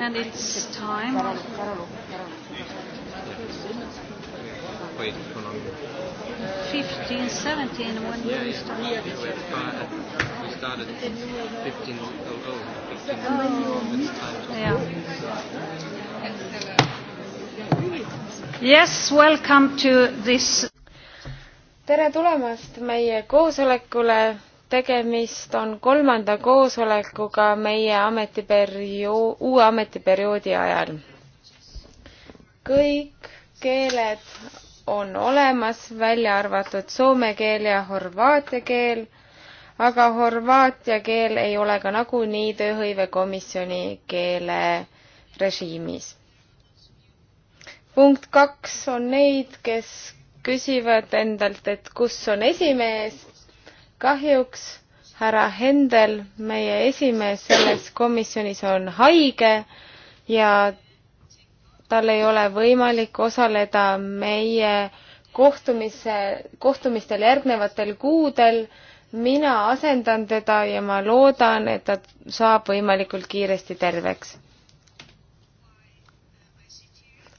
And it's time. Wait, how long? 15, 17, when yeah, we yeah. started. Yeah, we started 15, oh, oh, 15. Oh. Yeah. Yes, welcome to this. tere tulemast meie koosolekule tegemist on kolmanda koosolekuga meie ametiperio-, uue ametiperioodi ajal. kõik keeled on olemas, välja arvatud soome keel ja horvaatia keel, aga horvaatia keel ei ole ka nagunii tööhõivekomisjoni keele režiimis. punkt kaks on neid, kes küsivad endalt, et kus on esimees kahjuks härra Hendel, meie esimees selles komisjonis on haige ja tal ei ole võimalik osaleda meie kohtumise, kohtumistel järgnevatel kuudel. mina asendan teda ja ma loodan, et ta saab võimalikult kiiresti terveks.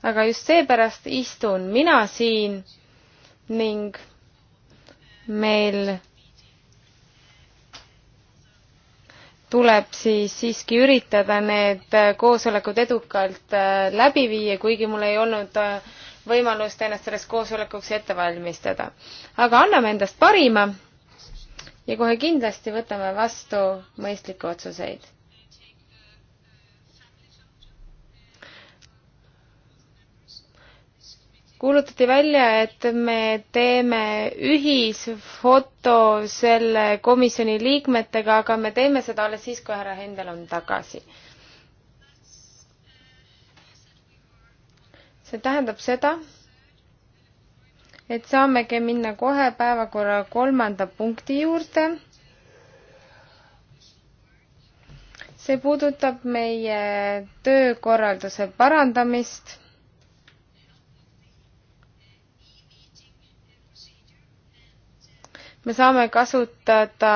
aga just seepärast istun mina siin ning meil tuleb siis siiski üritada need äh, koosolekud edukalt äh, läbi viia, kuigi mul ei olnud äh, võimalust ennast selleks koosolekuks ette valmistada. aga anname endast parima ja kohe kindlasti võtame vastu mõistlikke otsuseid kuulutati välja, et me teeme ühisfoto selle komisjoni liikmetega, aga me teeme seda alles siis, kui härra Hendel on tagasi. see tähendab seda, et saamegi minna kohe päevakorra kolmanda punkti juurde. see puudutab meie töökorralduse parandamist me saame kasutada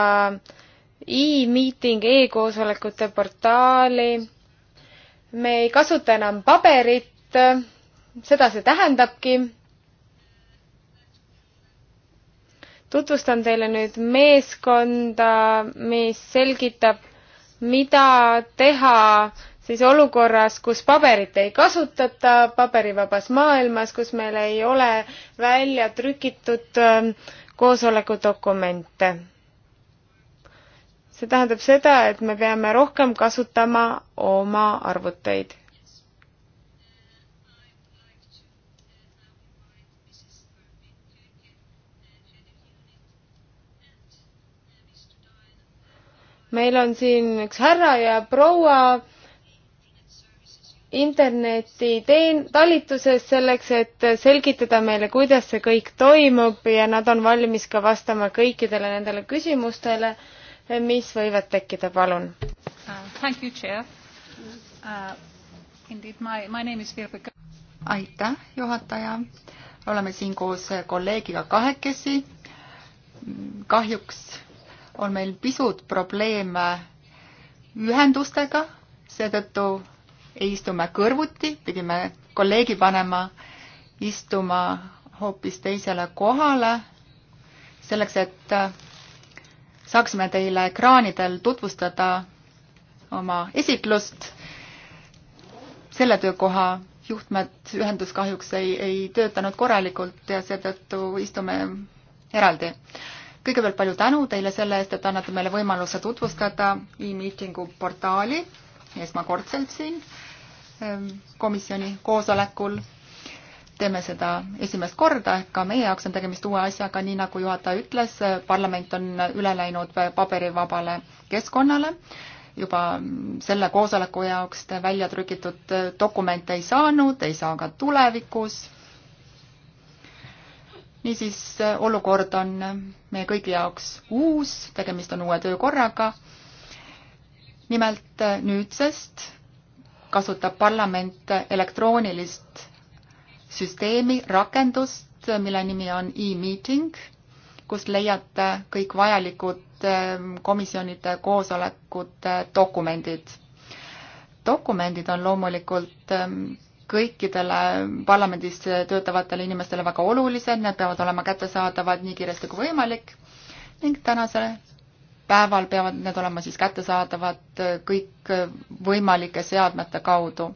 e-meeting e, e-koosolekute portaali. me ei kasuta enam paberit, seda see tähendabki. tutvustan teile nüüd meeskonda, mis selgitab, mida teha siis olukorras, kus paberit ei kasutata, paberivabas maailmas, kus meil ei ole välja trükitud ähm, koosolekudokumente. see tähendab seda, et me peame rohkem kasutama oma arvuteid. meil on siin üks härra ja proua interneti teen-, talituses selleks, et selgitada meile, kuidas see kõik toimub ja nad on valmis ka vastama kõikidele nendele küsimustele, mis võivad tekkida, palun uh,. uh aitäh, juhataja. oleme siin koos kolleegiga kahekesi. kahjuks on meil pisut probleeme ühendustega, seetõttu istume kõrvuti, pidime kolleegi panema istuma hoopis teisele kohale, selleks et äh, saaksime teile ekraanidel tutvustada oma esitlust. selle töökoha juhtmed, ühendus kahjuks ei, ei töötanud korralikult ja seetõttu istume eraldi. kõigepealt palju tänu teile selle eest, et annate meile võimaluse tutvustada e-meetingu portaali esmakordselt siin ähm, komisjoni koosolekul. teeme seda esimest korda, ehk ka meie jaoks on tegemist uue asjaga, nii nagu juhataja ütles, parlament on üle läinud paberivabale keskkonnale juba selle koosoleku jaoks te välja trükitud dokumente ei saanud, ei saa ka tulevikus. niisiis, olukord on meie kõigi jaoks uus, tegemist on uue töökorraga nimelt äh, nüüdsest kasutab parlament elektroonilist süsteemi, rakendust, äh, mille nimi on e-meeting, kust leiate kõik vajalikud äh, komisjonide koosolekute dokumendid. dokumendid on loomulikult ähm, kõikidele parlamendis töötavatele inimestele väga olulised, need peavad olema kättesaadavad nii kiiresti kui võimalik ning tänase päeval peavad need olema siis kättesaadavad kõikvõimalike seadmete kaudu.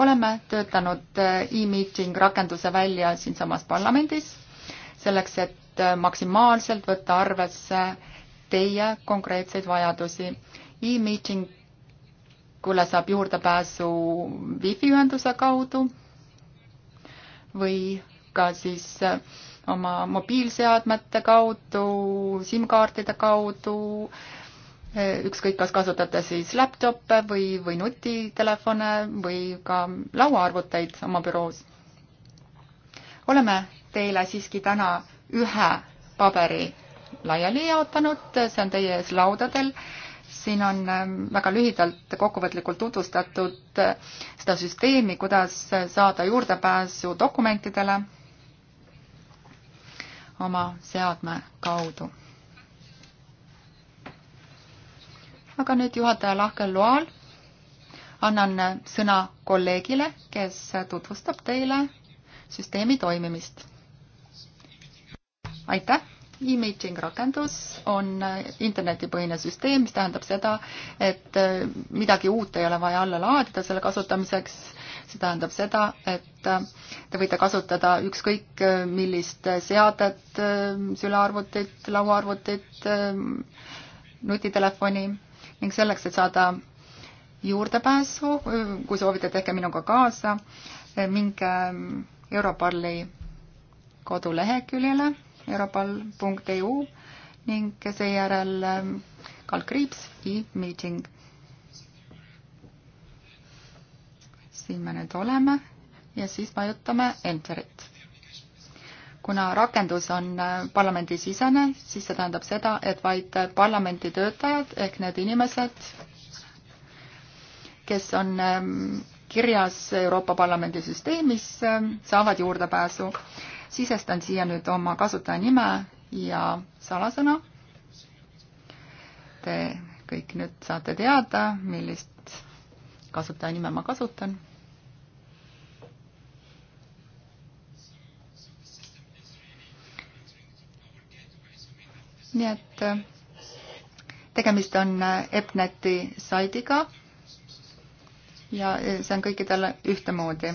oleme töötanud eh, e-meeting rakenduse välja siinsamas parlamendis, selleks et eh, maksimaalselt võtta arvesse teie konkreetseid vajadusi. E-meetingule saab juurdepääsu wifi ühenduse kaudu või ka siis eh, oma mobiilseadmete kaudu, SIM-kaartide kaudu, ükskõik, kas kasutate siis laptop'e või, või nutitelefone või ka lauaarvuteid oma büroos. oleme teile siiski täna ühe paberi laiali jaotanud, see on teie ees laudadel. siin on ähm, väga lühidalt kokkuvõtlikult tutvustatud äh, seda süsteemi, kuidas saada juurdepääsu dokumentidele oma seadme kaudu. aga nüüd juhataja lahkel loal annan sõna kolleegile, kes tutvustab teile süsteemi toimimist. aitäh! E-meeting rakendus on internetipõhine süsteem, mis tähendab seda, et midagi uut ei ole vaja alla laadida selle kasutamiseks see tähendab seda, et te võite kasutada ükskõik millist seadet, sülearvutit, lauaarvutit, nutitelefoni ning selleks, et saada juurdepääsu, kui soovite, tehke minuga kaasa, minge Europarli koduleheküljele europal.eu ning seejärel kaldkriips e-meeting siin me nüüd oleme ja siis vajutame Enterit. kuna rakendus on äh, parlamendisisene, siis see tähendab seda, et vaid parlamendi töötajad ehk need inimesed, kes on ähm, kirjas Euroopa Parlamendi süsteemis, ähm, saavad juurdepääsu. sisestan siia nüüd oma kasutajanime ja salasõna. Te kõik nüüd saate teada, millist kasutajanime ma kasutan nii et äh, tegemist on äh, EPNET-i saidiga ja äh, see on kõikidel ühtemoodi.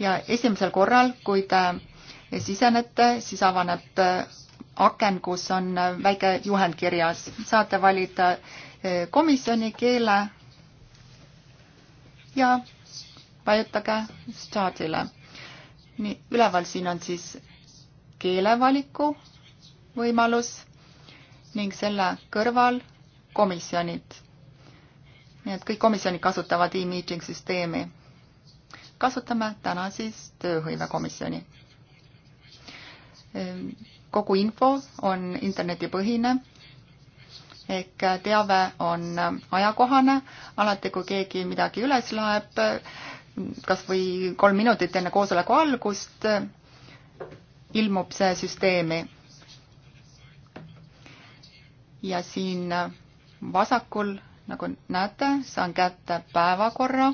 ja esimesel korral, kui te sisenete, siis avaneb aken, kus on väike juhend kirjas. saate valida komisjoni keele ja vajutage Startile. nii, üleval siin on siis keelevaliku võimalus ning selle kõrval komisjonid. nii et kõik komisjonid kasutavad e-meeting süsteemi. kasutame täna siis tööhõivekomisjoni. kogu info on internetipõhine ehk teave on ajakohane, alati kui keegi midagi üles laeb, kas või kolm minutit enne koosoleku algust, ilmub see süsteemi ja siin äh, vasakul, nagu näete, saan kätte päevakorra.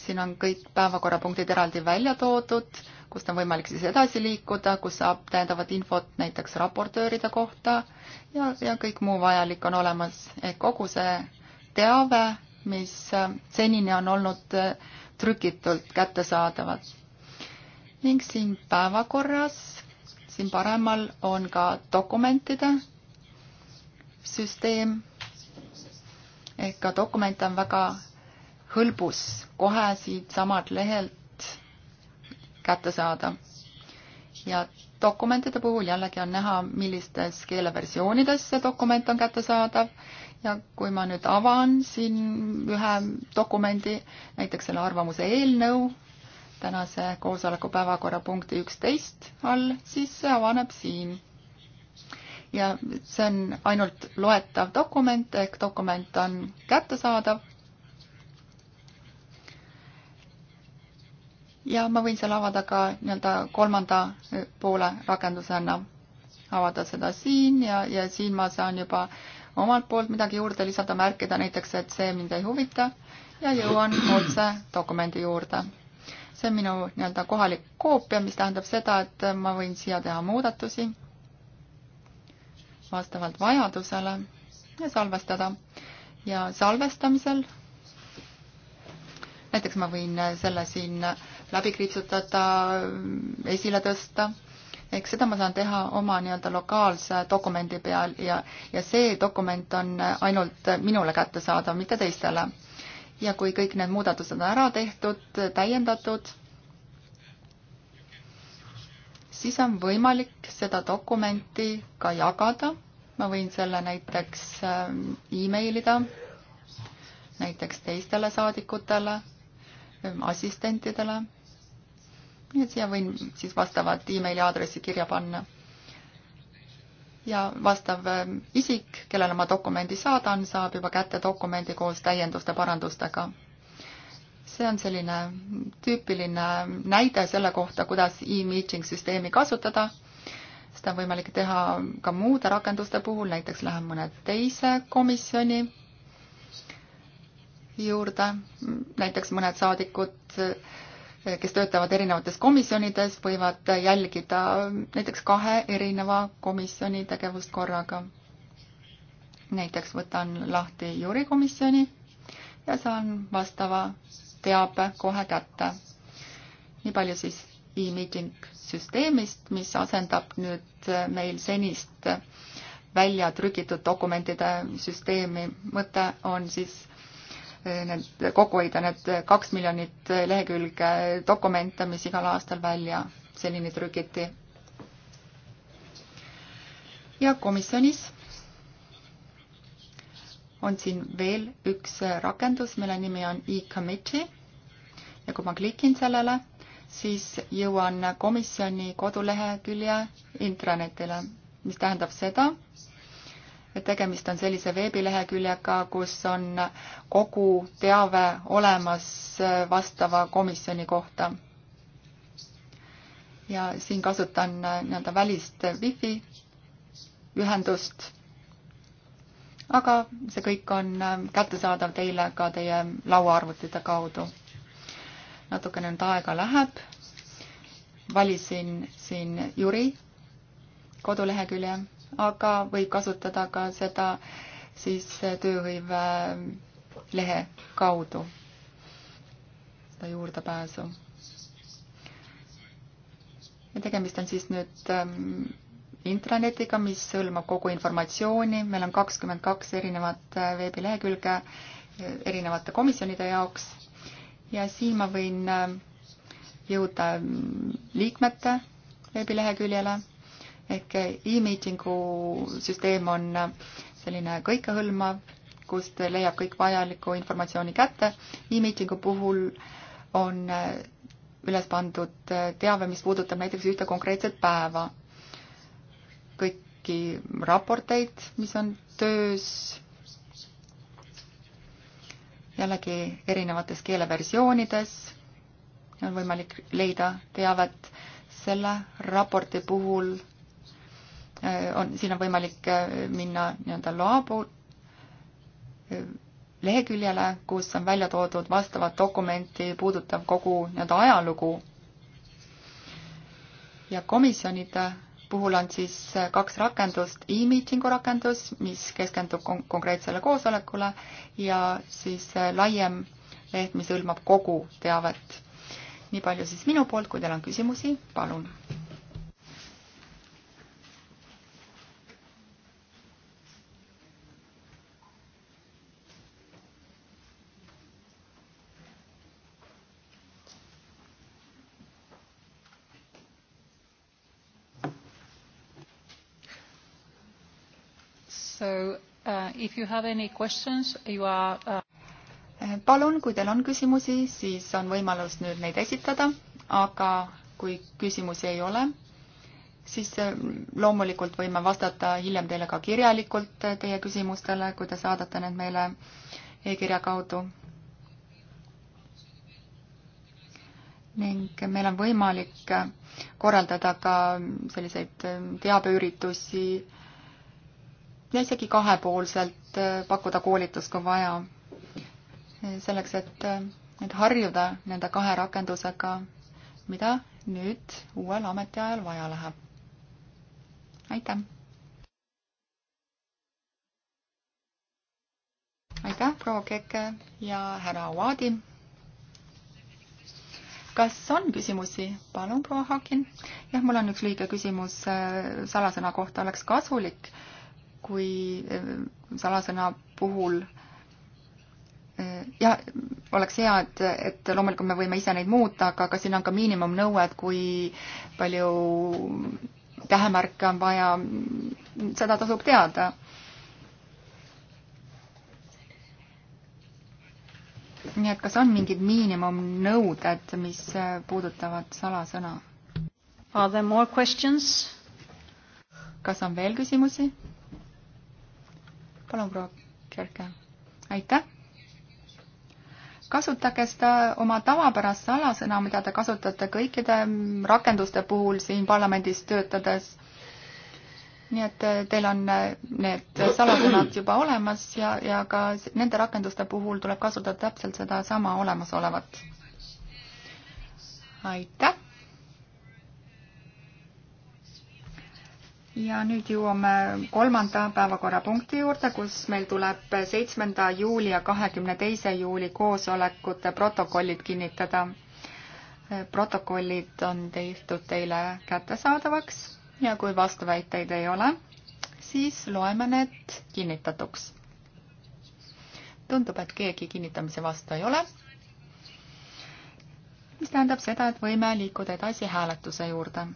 siin on kõik päevakorrapunktid eraldi välja toodud, kust on võimalik siis edasi liikuda, kus saab täiendavat infot näiteks raportööride kohta ja, ja kõik muu vajalik on olemas, et kogu see teave, mis äh, senini on olnud äh, trükitult kättesaadavad. ning siin päevakorras, siin paremal on ka dokumentide süsteem ehk ka dokument on väga hõlbus kohe siitsamalt lehelt kätte saada. ja dokumentide puhul jällegi on näha, millistes keeleversioonides see dokument on kättesaadav ja kui ma nüüd avan siin ühe dokumendi, näiteks selle arvamuse eelnõu, tänase koosoleku päevakorrapunkti üksteist all, siis see avaneb siin ja see on ainult loetav dokument ehk dokument on kättesaadav. ja ma võin selle avada ka nii-öelda kolmanda poole rakendusena, avada seda siin ja, ja siin ma saan juba omalt poolt midagi juurde lisada, märkida näiteks, et see mind ei huvita ja jõuan otse dokumendi juurde see on minu nii-öelda kohalik koopia, mis tähendab seda, et ma võin siia teha muudatusi vastavalt vajadusele ja salvestada. ja salvestamisel, näiteks ma võin selle siin läbi kriipsutada, esile tõsta, eks seda ma saan teha oma nii-öelda lokaalse dokumendi peal ja, ja see dokument on ainult minule kättesaadav, mitte teistele. ja kui kõik need muudatused on ära tehtud, täiendatud, siis on võimalik seda dokumenti ka jagada. ma võin selle näiteks äh, emailida näiteks teistele saadikutele, ähm, assistentidele. nii et siia võin siis vastavat emaili aadressi kirja panna. ja vastav ähm, isik, kellele ma dokumendi saadan, saab juba kätte dokumendi koos täienduste parandustega see on selline tüüpiline näide selle kohta, kuidas e-meeting süsteemi kasutada. seda on võimalik teha ka muude rakenduste puhul, näiteks lähen mõne teise komisjoni juurde, näiteks mõned saadikud, kes töötavad erinevates komisjonides, võivad jälgida näiteks kahe erineva komisjoni tegevust korraga. näiteks võtan lahti juurikomisjoni ja saan vastava teabe kohe kätte. nii palju siis e-meeting süsteemist, mis asendab nüüd meil senist välja trükitud dokumentide süsteemi. mõte on siis eh, need, kokku hoida need kaks miljonit lehekülge dokumente, mis igal aastal välja senini trükiti. ja komisjonis on siin veel üks rakendus, mille nimi on e-committee ja kui ma klikin sellele, siis jõuan komisjoni kodulehekülje intranetile, mis tähendab seda, et tegemist on sellise veebileheküljega, kus on kogu teave olemas vastava komisjoni kohta. ja siin kasutan nii-öelda välist wifi ühendust aga see kõik on ähm, kättesaadav teile ka teie lauaarvutite kaudu. natukene nüüd aega läheb. valisin siin Jüri kodulehekülje, aga võib kasutada ka seda siis tööhõive ähm, lehe kaudu, seda juurdepääsu. ja tegemist on siis nüüd ähm, intranetiga, mis hõlmab kogu informatsiooni, meil on kakskümmend kaks erinevat äh, veebilehekülge äh, erinevate komisjonide jaoks ja siin ma võin äh, jõuda mm, liikmete veebileheküljele ehk e-meetingu süsteem on selline kõikehõlmav, kust leiab kõik vajaliku informatsiooni kätte e. e-meetingu puhul on üles pandud teave, mis puudutab näiteks ühte konkreetset päeva kõiki raporteid, mis on töös, jällegi erinevates keeleversioonides on võimalik leida teavet selle raporti puhul eh, on, siin on võimalik eh, minna nii-öelda loabu eh, leheküljele, kus on välja toodud vastavat dokumenti puudutav kogu nii-öelda ajalugu ja komisjonide puhul on siis kaks rakendust e, e-meetingu rakendus, mis keskendub kon konkreetsele koosolekule ja siis äh, laiem leht, mis hõlmab kogu teavet. nii palju siis minu poolt, kui teil on küsimusi, palun If you have any questions, you are uh... Eh, palun, kui teil on küsimusi, siis on võimalus nüüd neid esitada, aga kui küsimusi ei ole, siis eh, loomulikult võime vastata hiljem teile ka kirjalikult eh, teie küsimustele, kui te saadate need meile e-kirja kaudu. ning meil on võimalik korraldada ka selliseid teabeüritusi ja isegi kahepoolselt äh, pakkuda koolitust, kui vaja. selleks, et, äh, et harjuda nende kahe rakendusega, mida nüüd uuel ametiajal vaja läheb. aitäh! aitäh, proua Keke ja härra Oadi! kas on küsimusi? palun, proua Hakin. jah, mul on üks lühike küsimus äh, salasõna kohta, oleks kasulik, kui eh, salasõna puhul eh, jah, oleks hea, et, et loomulikult me võime ise neid muuta, aga, aga siin on ka miinimumnõue, et kui palju tähemärke on vaja, seda tasub teada. nii et kas on mingid miinimumnõuded, mis eh, puudutavad salasõna? Are there more questions? kas on veel küsimusi? palun, proua Kerke. aitäh! kasutage seda oma tavapärast salasõna, mida te kasutate kõikide rakenduste puhul siin parlamendis töötades. nii et teil on need salasõnad juba olemas ja, ja ka nende rakenduste puhul tuleb kasutada täpselt sedasama olemasolevat. aitäh! ja nüüd jõuame kolmanda päevakorrapunkti juurde, kus meil tuleb seitsmenda juuli ja kahekümne teise juuli koosolekute protokollid kinnitada. protokollid on tehtud teile kättesaadavaks ja kui vastuväiteid ei ole, siis loeme need kinnitatuks. tundub, et keegi kinnitamise vastu ei ole. mis tähendab seda, et võime liikuda edasi hääletuse juurde.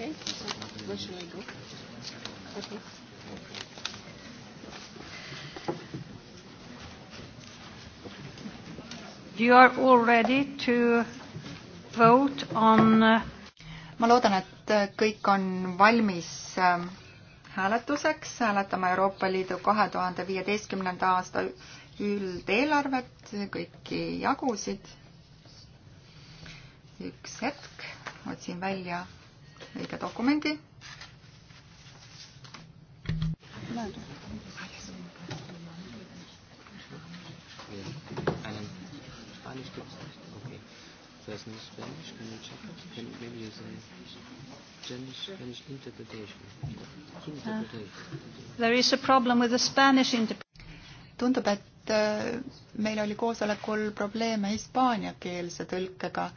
Okay. So where should I go? Okay. You are all ready to vote on uh, ma loodan, et uh, kõik on valmis um, hääletuseks, hääletame Euroopa Liidu kahe tuhande viieteistkümnenda aasta üldeelarvet, kõiki jagusid. üks hetk, otsin välja õige dokumendi. Spanish gibt es nicht. Okay. There's no Spanish. Can you check it? Can maybe use a Spanish, Spanish interpretation. interpretation. Uh, there is a problem with the Spanish interpretation. Tundub, et äh, meil oli koosolekul probleeme hispaaniakeelse tõlkega.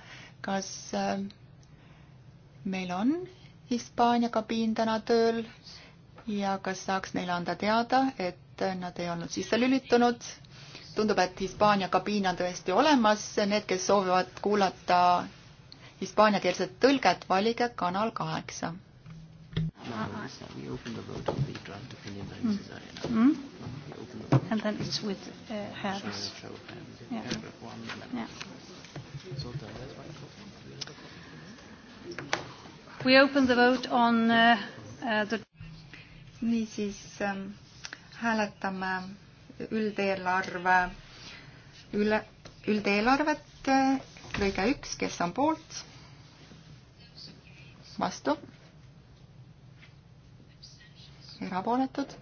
Kas uh, meil on Hispaania kabiin täna tööl ja kas saaks neile anda teada, et nad ei olnud sisse lülitunud. tundub, et Hispaania kabiin on tõesti olemas, need, kes soovivad kuulata hispaaniakeelset tõlget, valige kanal kaheksa. Hmm? And then it's with uh, Harris. Yeah. Yeah. We open the vote on uh, uh, the... niisiis ähm, hääletame üldeelarve üle, üldeelarvet äh, lõige üks, kes on poolt, vastu, erapooletud,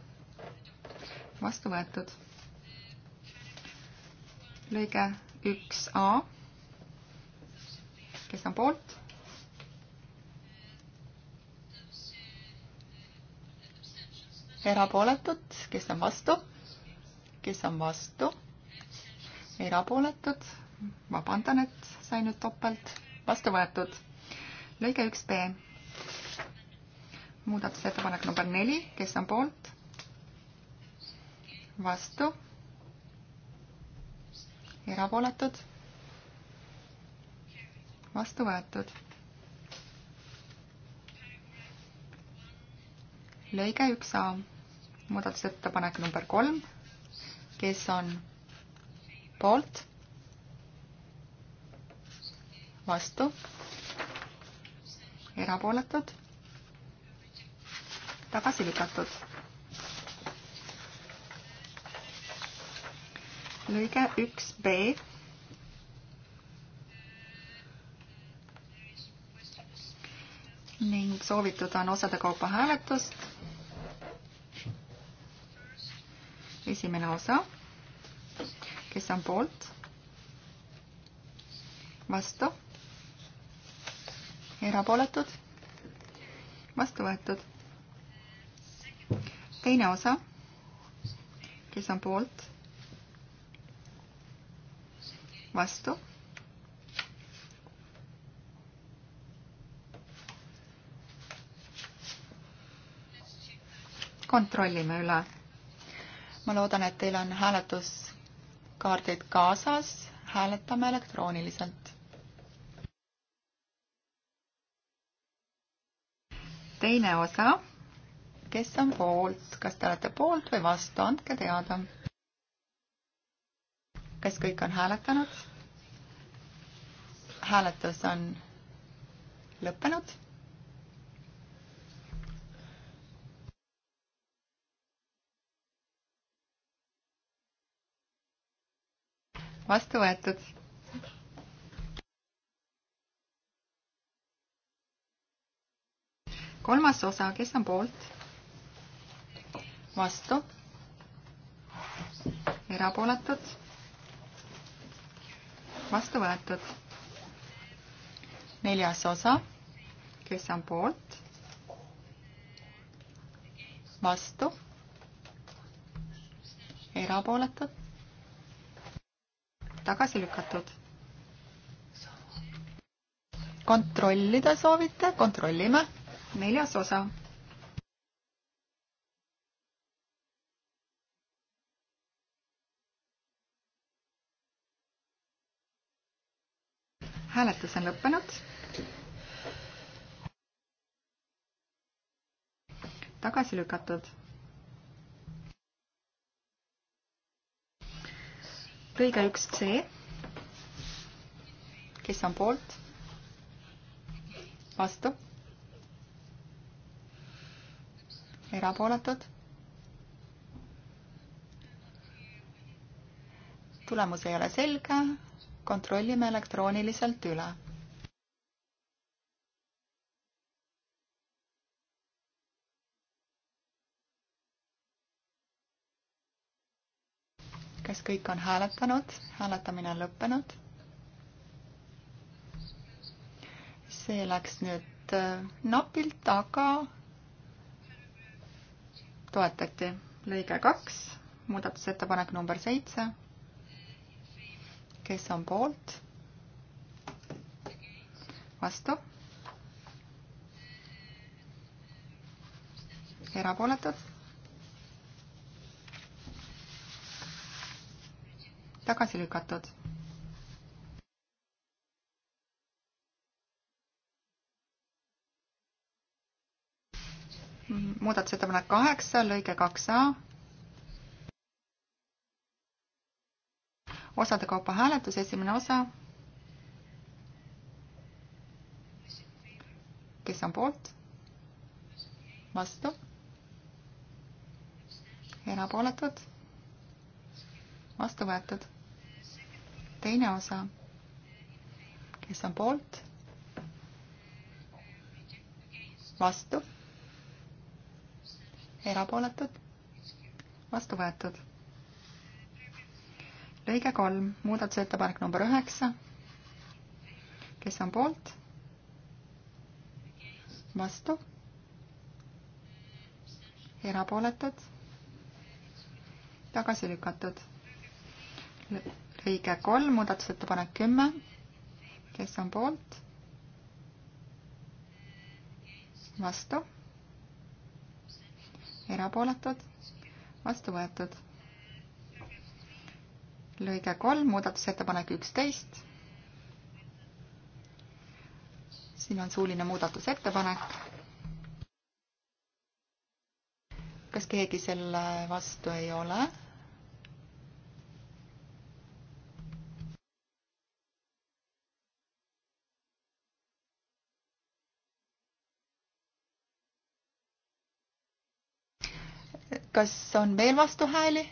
vastu võetud. lõige üks A, kes on poolt erapooletud, kes on vastu, kes on vastu, erapooletud, vabandan, et sain nüüd topelt, vastu võetud. lõige üks B. muudatusettepanek number neli, kes on poolt, vastu, erapooletud, vastu võetud lõige üks A, muudatusettepanek number kolm, kes on poolt, vastu, erapooletud, tagasi lükatud. lõige üks B ning soovitud on osade kaupa hääletust esimene osa, kes on poolt, vastu, erapooletud, vastu võetud. teine osa, kes on poolt, vastu kontrollime üle ma loodan, et teil on hääletuskaardid kaasas, hääletame elektrooniliselt. teine osa, kes on poolt, kas te olete poolt või vastu, andke teada. kas kõik on hääletanud? hääletus on lõppenud vastu võetud. kolmas osa, kes on poolt? vastu? erapooletud? vastu võetud. neljas osa, kes on poolt? vastu? erapooletud? tagasi lükatud. kontrollida soovite, kontrollime. neljas osa. hääletus on lõppenud. tagasi lükatud lõige üks C. kes on poolt? vastu? erapooletud? tulemus ei ole selge, kontrollime elektrooniliselt üle kas kõik on hääletanud? hääletamine on lõppenud. see läks nüüd äh, napilt, aga toetati. lõige kaks, muudatusettepanek number seitse. kes on poolt? vastu? erapooletud? tagasi lükatud. muudatusettepanek kaheksa, lõige kaks A. osade kaupa hääletus, esimene osa. kes on poolt? vastu? erapooletud? vastu võetud teine osa, kes on poolt, vastu, erapooletud, vastu võetud. lõige kolm, muudatusettepanek number üheksa, kes on poolt, vastu, erapooletud, tagasi lükatud lõige kolm, muudatusettepanek kümme. kes on poolt? vastu? erapooletud? vastu võetud. lõige kolm, muudatusettepanek üksteist. siin on suuline muudatusettepanek. kas keegi selle vastu ei ole? kas on veel vastuhääli?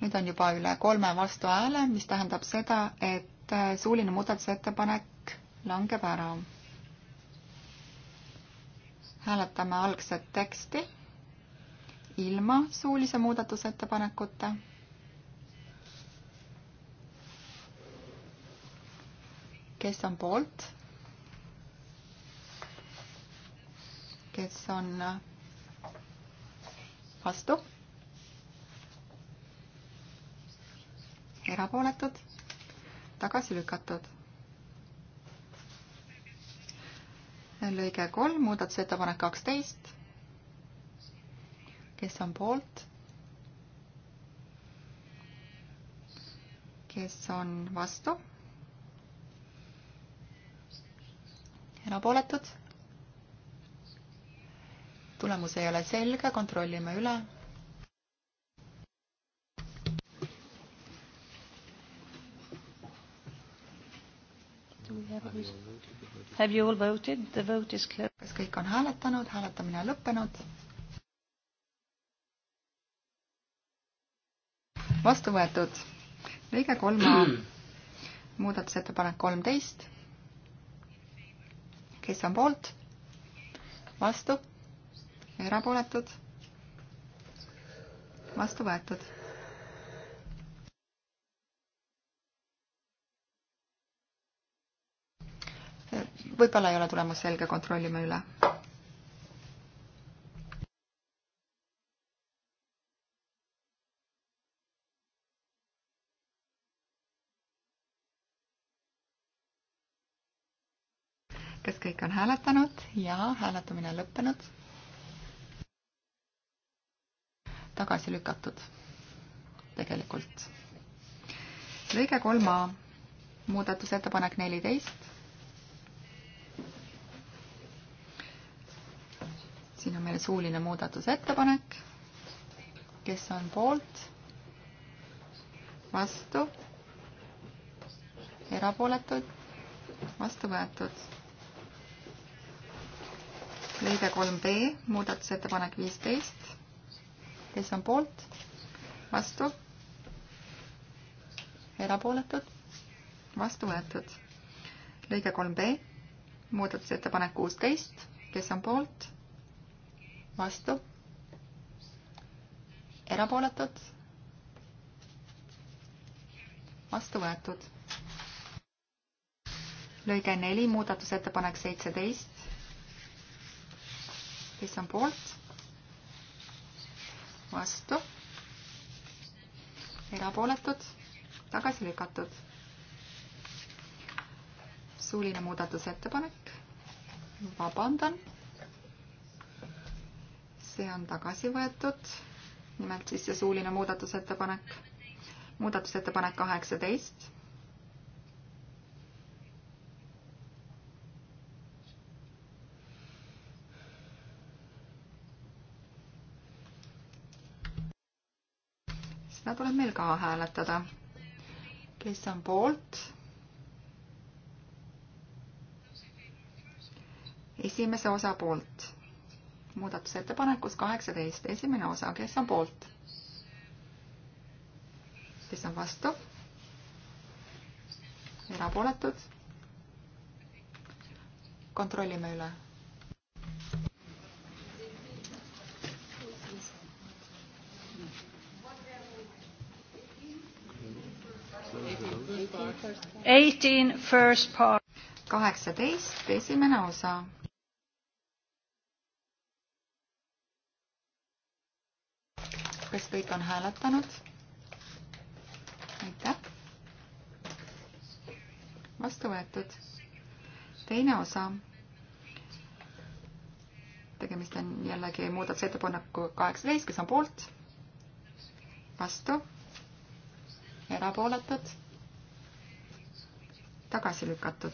nüüd on juba üle kolme vastuhääle, mis tähendab seda, et äh, suuline muudatusettepanek langeb ära. hääletame algset teksti ilma suulise muudatusettepanekuta. kes on poolt? kes on vastu, erapooletud, tagasi lükatud. lõige kolm, muudatusettepanek kaksteist, kes on poolt kes on vastu, erapooletud, tulemus ei ole selge, kontrollime üle. Have you all voted? The vote is closed. kas kõik on hääletanud, hääletamine lõppenud? vastu võetud lõige kolma muudatusettepanek kolmteist. kes on poolt? vastu? erapooletud, vastu võetud. võib-olla ei ole tulemus selge, kontrollime üle. kas kõik on hääletanud ja hääletamine on lõppenud? tagasi lükatud tegelikult. lõige kolma muudatusettepanek neliteist. siin on meil suuline muudatusettepanek. kes on poolt? vastu? erapooletud? vastu võetud? lõige kolm B, muudatusettepanek viisteist kes on poolt, vastu, erapooletud, vastu võetud. lõige kolm B, muudatusettepanek kuusteist, kes on poolt, vastu, erapooletud, vastu võetud. lõige neli, muudatusettepanek seitseteist, kes on poolt vastu, erapooletud, tagasi lükatud. suuline muudatusettepanek, vabandan. see on tagasi võetud, nimelt siis see suuline muudatusettepanek, muudatusettepanek kaheksateist seda tuleb meil ka hääletada. kes on poolt? esimese osa poolt. muudatusettepanekus kaheksateist, esimene osa, kes on poolt? kes on vastu? erapooletud? kontrollime üle Eighteen first part. kaheksateist, esimene osa. kas kõik on hääletanud? aitäh. vastu võetud. teine osa. tegemist on jällegi muudatusettepaneku kaheksateist, kes on poolt? vastu? erapooletud? tagasi lükatud.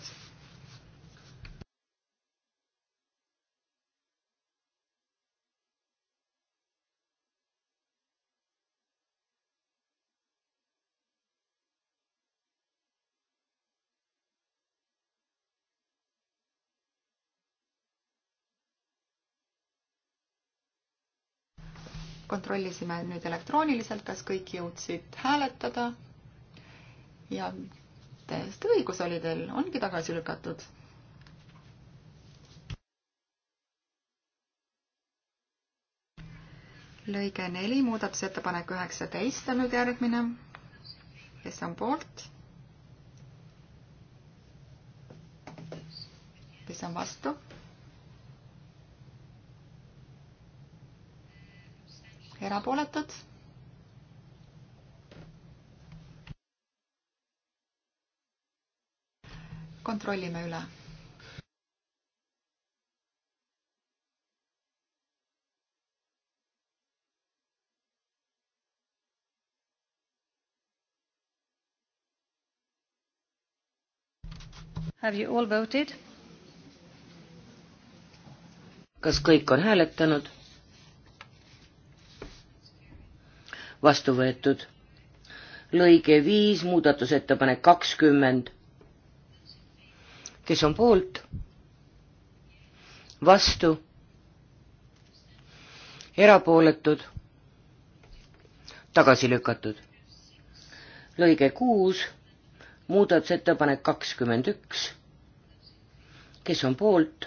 kontrollisime nüüd elektrooniliselt, kas kõik jõudsid hääletada ja sest õigus oli teil, ongi tagasi lükatud. lõige neli, muudatusettepanek üheksateist on nüüd järgmine. kes on poolt? kes on vastu? erapooletud kontrollime üle. Have you all voted? kas kõik on hääletanud? vastu võetud. lõige viis, muudatusettepanek kakskümmend kes on poolt, vastu, erapooletud, tagasi lükatud. lõige kuus, muudatusettepanek kakskümmend üks, kes on poolt,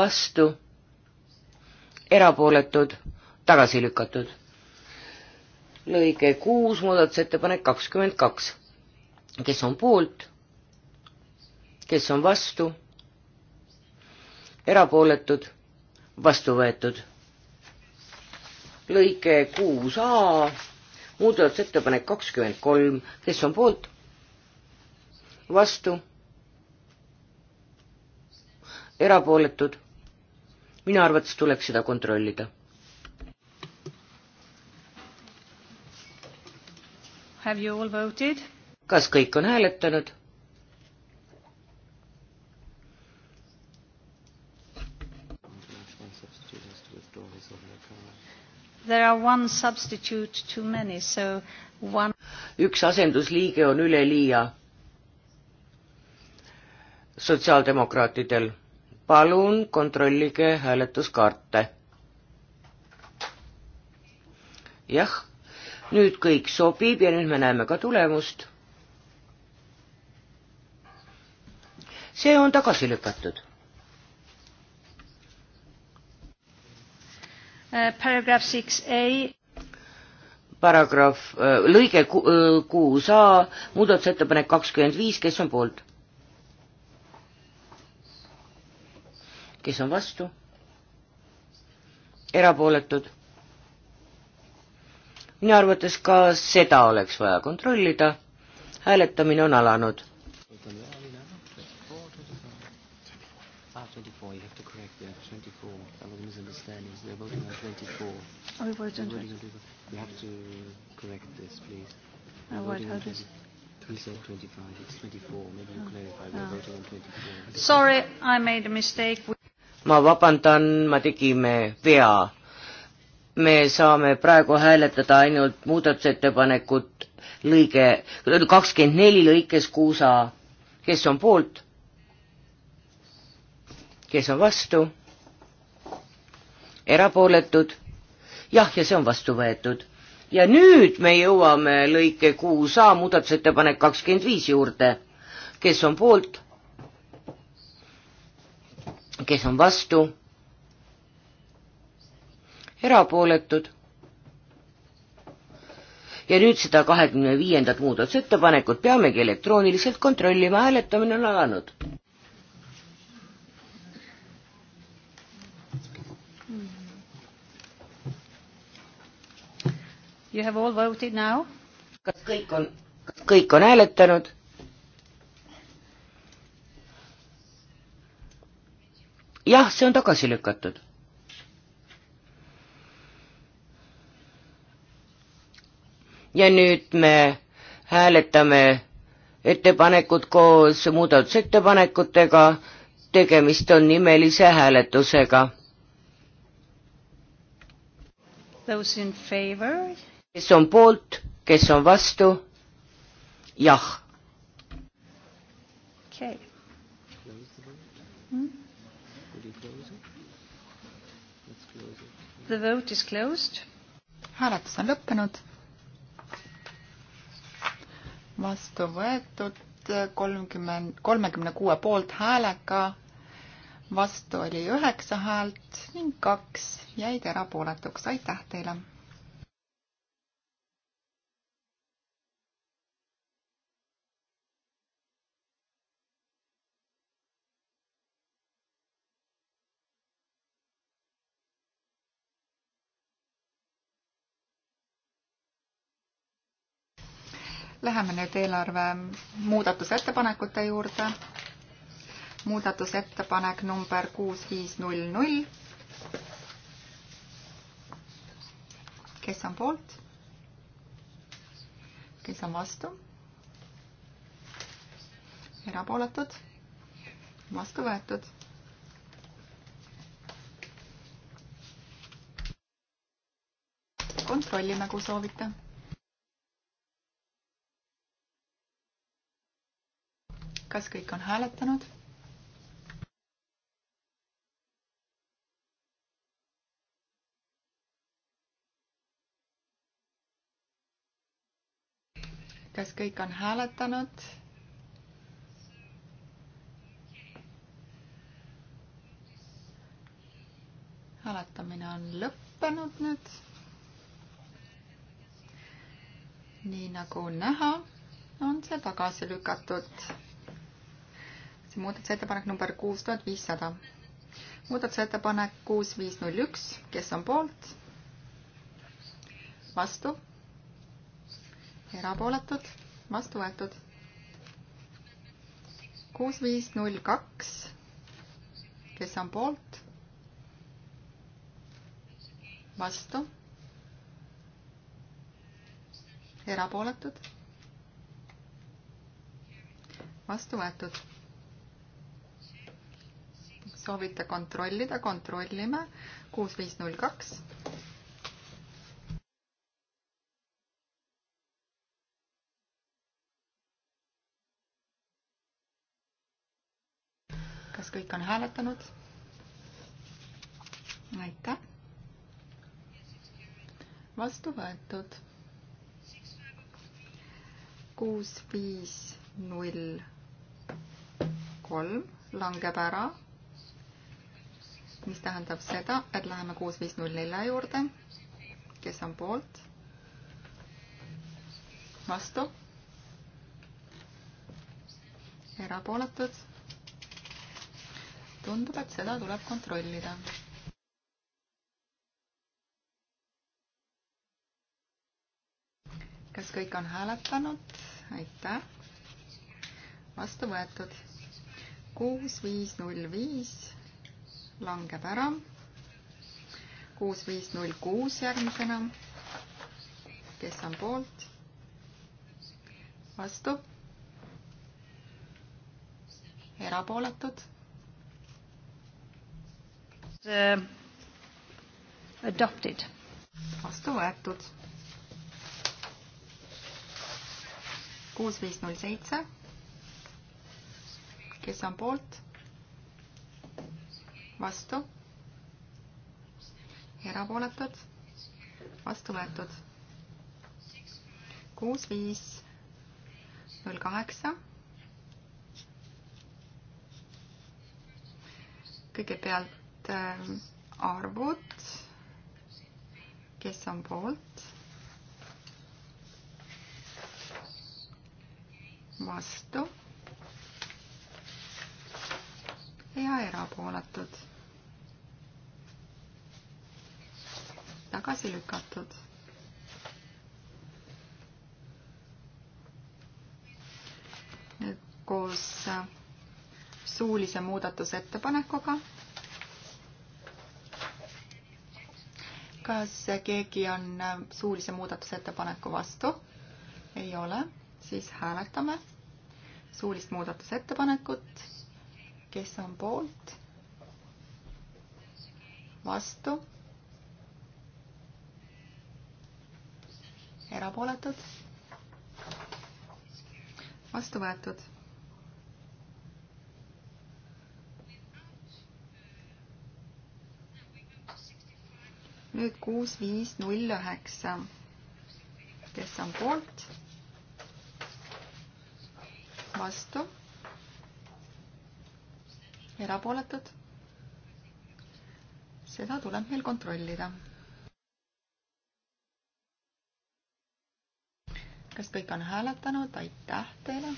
vastu, erapooletud, tagasi lükatud. lõige kuus, muudatusettepanek kakskümmend kaks, kes on poolt kes on vastu, erapooletud, vastu võetud. lõige kuus A, muudatusettepanek kakskümmend kolm, kes on poolt, vastu, erapooletud. minu arvates tuleks seda kontrollida Have you all voted? kas kõik on hääletanud? There are one substitute too many, so one üks asendusliige on üleliia sotsiaaldemokraatidel. palun kontrollige hääletuskaarte. jah, nüüd kõik sobib ja nüüd me näeme ka tulemust. see on tagasi lükatud Eh, paragrahv six A. paragrahv, eh, lõige eh, kuus A, muudatusettepanek kakskümmend viis, kes on poolt? kes on vastu? erapooletud? minu arvates ka seda oleks vaja kontrollida. hääletamine on alanud. Yeah, 24. That was a misunderstanding. So they're oh, voting on 24. Oh, we voted on 24. You have to correct this, please. Oh, We're oh, what? How does... You said 25. It's 24. Maybe you oh. clarify. We're oh. voting on 24. Sorry, I made a mistake. Ma vabandan, ma tegime vea. Me saame praegu hääletada ainult muudatusettepanekut lõige 24 lõikes 6a. Kes on poolt? kes on vastu, erapooletud, jah, ja see on vastu võetud. ja nüüd me jõuame lõike kuus A muudatusettepanek kakskümmend viis juurde, kes on poolt, kes on vastu, erapooletud ja nüüd seda kahekümne viiendat muudatusettepanekut peamegi elektrooniliselt kontrollima, hääletamine on alanud. You have all voted now? kas kõik on, kas kõik on hääletanud? jah, see on tagasi lükatud. ja nüüd me hääletame ettepanekut koos muudatusettepanekutega, tegemist on nimelise hääletusega. Those in favor kes on poolt, kes on vastu? jah. okei okay.. Hmm? The vote is closed. hääletus on lõppenud. vastu võetud kolmkümmend, kolmekümne kuue poolthäälega, vastu oli üheksa häält ning kaks jäid erapooletuks. aitäh teile! Läheme nüüd eelarve muudatusettepanekute juurde. muudatusettepanek number kuus, viis, null, null. kes on poolt? kes on vastu? erapooletud? vastu võetud kontrollime, kui soovite kas kõik on hääletanud? kas kõik on hääletanud? hääletamine on lõppenud nüüd. nii nagu näha, on see tagasi lükatud see muudatusettepanek number kuus tuhat viissada. muudatusettepanek kuus viis null üks, kes on poolt? vastu? erapooletud? vastu võetud? kuus viis null kaks, kes on poolt? vastu? erapooletud? vastu võetud soovite kontrollida, kontrollime. kuus, viis, null, kaks. kas kõik on hääletanud? aitäh. vastu võetud. kuus, viis, null, kolm langeb ära mis tähendab seda, et läheme kuus viis null nelja juurde, kes on poolt, vastu, erapooletud. tundub, et seda tuleb kontrollida. kas kõik on hääletanud? aitäh. vastu võetud kuus, viis, null, viis langeb ära. kuus, viis, null, kuus järgmisena. kes on poolt? vastu? erapooletud? Adopted. vastu võetud. kuus, viis, null, seitse. kes on poolt? vastu, erapooletud, vastu võetud. kuus, viis, null kaheksa. kõigepealt äh, arvud, kes on poolt, vastu ja erapooletud tagasi lükatud. nüüd koos äh, suulise muudatusettepanekuga. kas keegi on äh, suulise muudatusettepaneku vastu? ei ole, siis hääletame suulist muudatusettepanekut. kes on poolt? vastu erapooletud, vastu võetud. nüüd kuus, viis, null, üheksa. kes on poolt? vastu? erapooletud? seda tuleb meil kontrollida kas kõik on hääletanud, aitäh teile.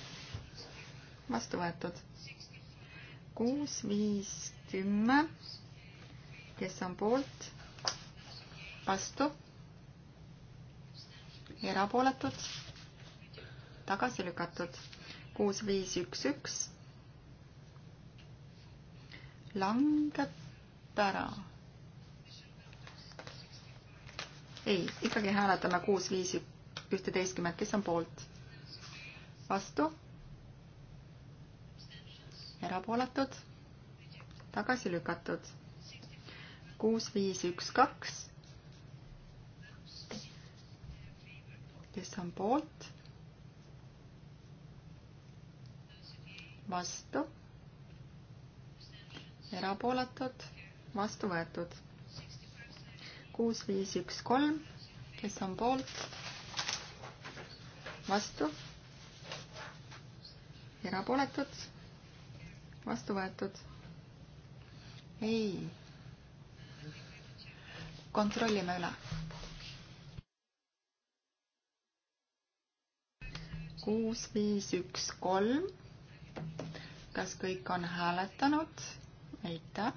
vastu võetud. kuus, viis, kümme. kes on poolt? vastu? erapooletud? tagasi lükatud. kuus, viis, üks, üks. langeb ära. ei, ikkagi hääletame kuus, viis, üks ühteteistkümmet, kes on poolt? vastu? erapooletud? tagasi lükatud? kuus, viis, üks, kaks. kes on poolt? vastu? erapooletud? vastu võetud? kuus, viis, üks, kolm, kes on poolt? vastu, erapooletud, vastu võetud. ei. kontrollime üle. kuus, viis, üks, kolm. kas kõik on hääletanud? aitäh.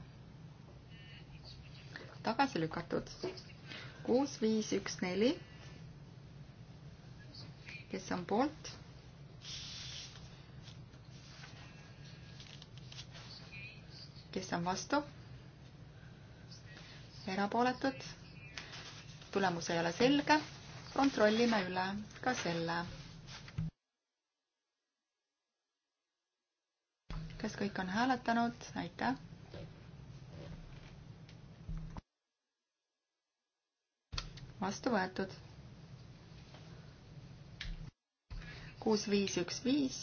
tagasi lükatud. kuus, viis, üks, neli kes on poolt? kes on vastu? erapooletud? tulemus ei ole selge, kontrollime üle ka selle. kas kõik on hääletanud? aitäh. vastu võetud kuus, viis, üks, viis.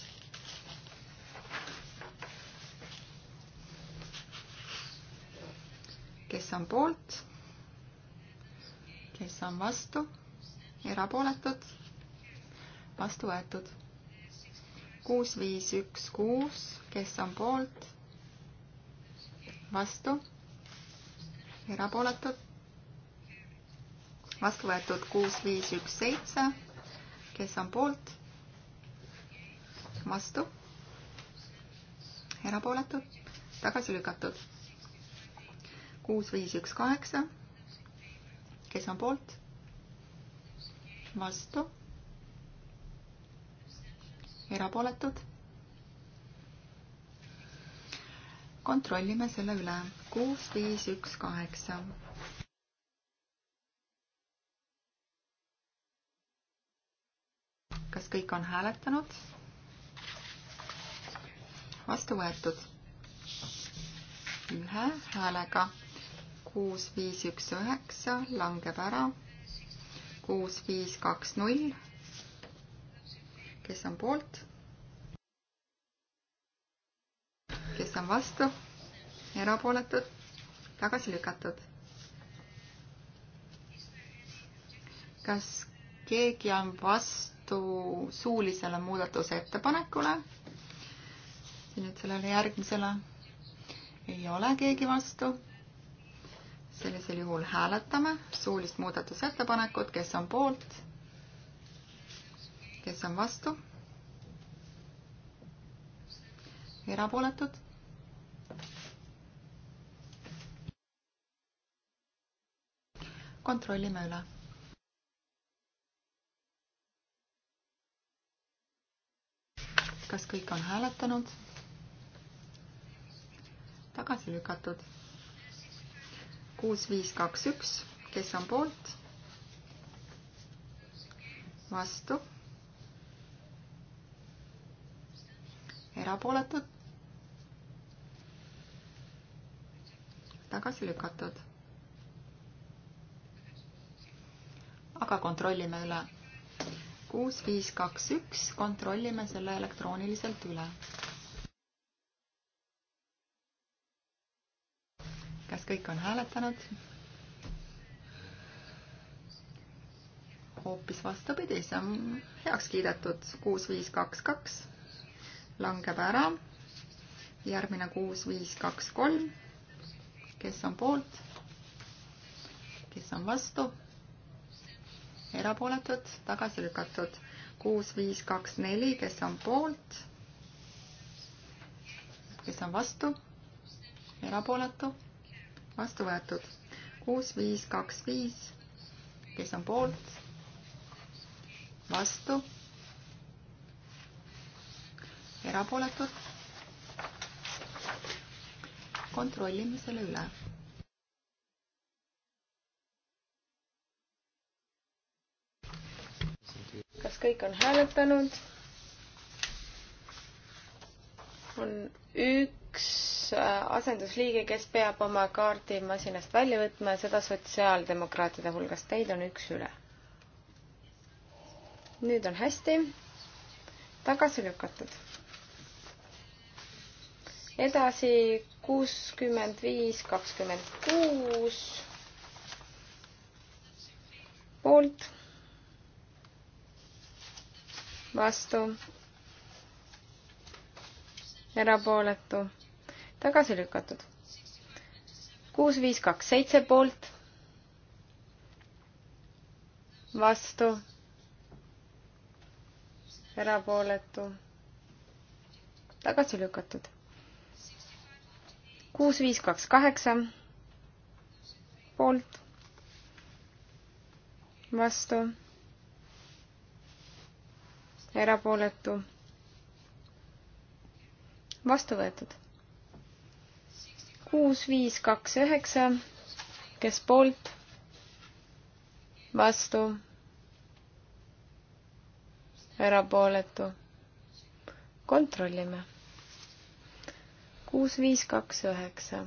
kes on poolt? kes on vastu? erapooletud? vastu võetud. kuus, viis, üks, kuus, kes on poolt? vastu? erapooletud? vastu võetud kuus, viis, üks, seitse, kes on poolt? vastu, erapooletud, tagasi lükatud. kuus, viis, üks, kaheksa, kes on poolt, vastu, erapooletud. kontrollime selle üle, kuus, viis, üks, kaheksa. kas kõik on hääletanud? vastu võetud. ühe häälega kuus, viis, üks, üheksa langeb ära. kuus, viis, kaks, null. kes on poolt? kes on vastu? erapooletud? tagasi lükatud. kas keegi on vastu suulisele muudatusettepanekule? nüüd sellele järgmisele ei ole keegi vastu. sellisel juhul hääletame suulist muudatusettepanekut, kes on poolt, kes on vastu, erapooletud kontrollime üle. kas kõik on hääletanud? tagasi lükatud. kuus, viis, kaks, üks, kes on poolt? vastu. erapooletud. tagasi lükatud. aga kontrollime üle. kuus, viis, kaks, üks, kontrollime selle elektrooniliselt üle kas kõik on hääletanud? hoopis vastupidi, see on heaks kiidetud, kuus, viis, kaks, kaks langeb ära. järgmine kuus, viis, kaks, kolm. kes on poolt? kes on vastu? erapooletud, tagasi lükatud. kuus, viis, kaks, neli, kes on poolt? kes on vastu? erapooletu vastu võetud. kuus, viis, kaks, viis, kes on poolt, vastu, erapooletud. kontrollime selle üle kas kõik on hääletanud? on üks asendusliige, kes peab oma kaardi masinast välja võtma ja seda sotsiaaldemokraatide hulgas. Teil on üks üle. nüüd on hästi. tagasi lükatud edasi kuuskümmend viis, kakskümmend kuus. poolt. vastu. erapooletu tagasi lükatud. kuus, viis, kaks, seitse poolt, vastu, erapooletu, tagasi lükatud. kuus, viis, kaks, kaheksa, poolt, vastu, erapooletu, vastu võetud kuus, viis, kaks, üheksa, kes poolt, vastu, erapooletu. kontrollime. kuus, viis, kaks, üheksa.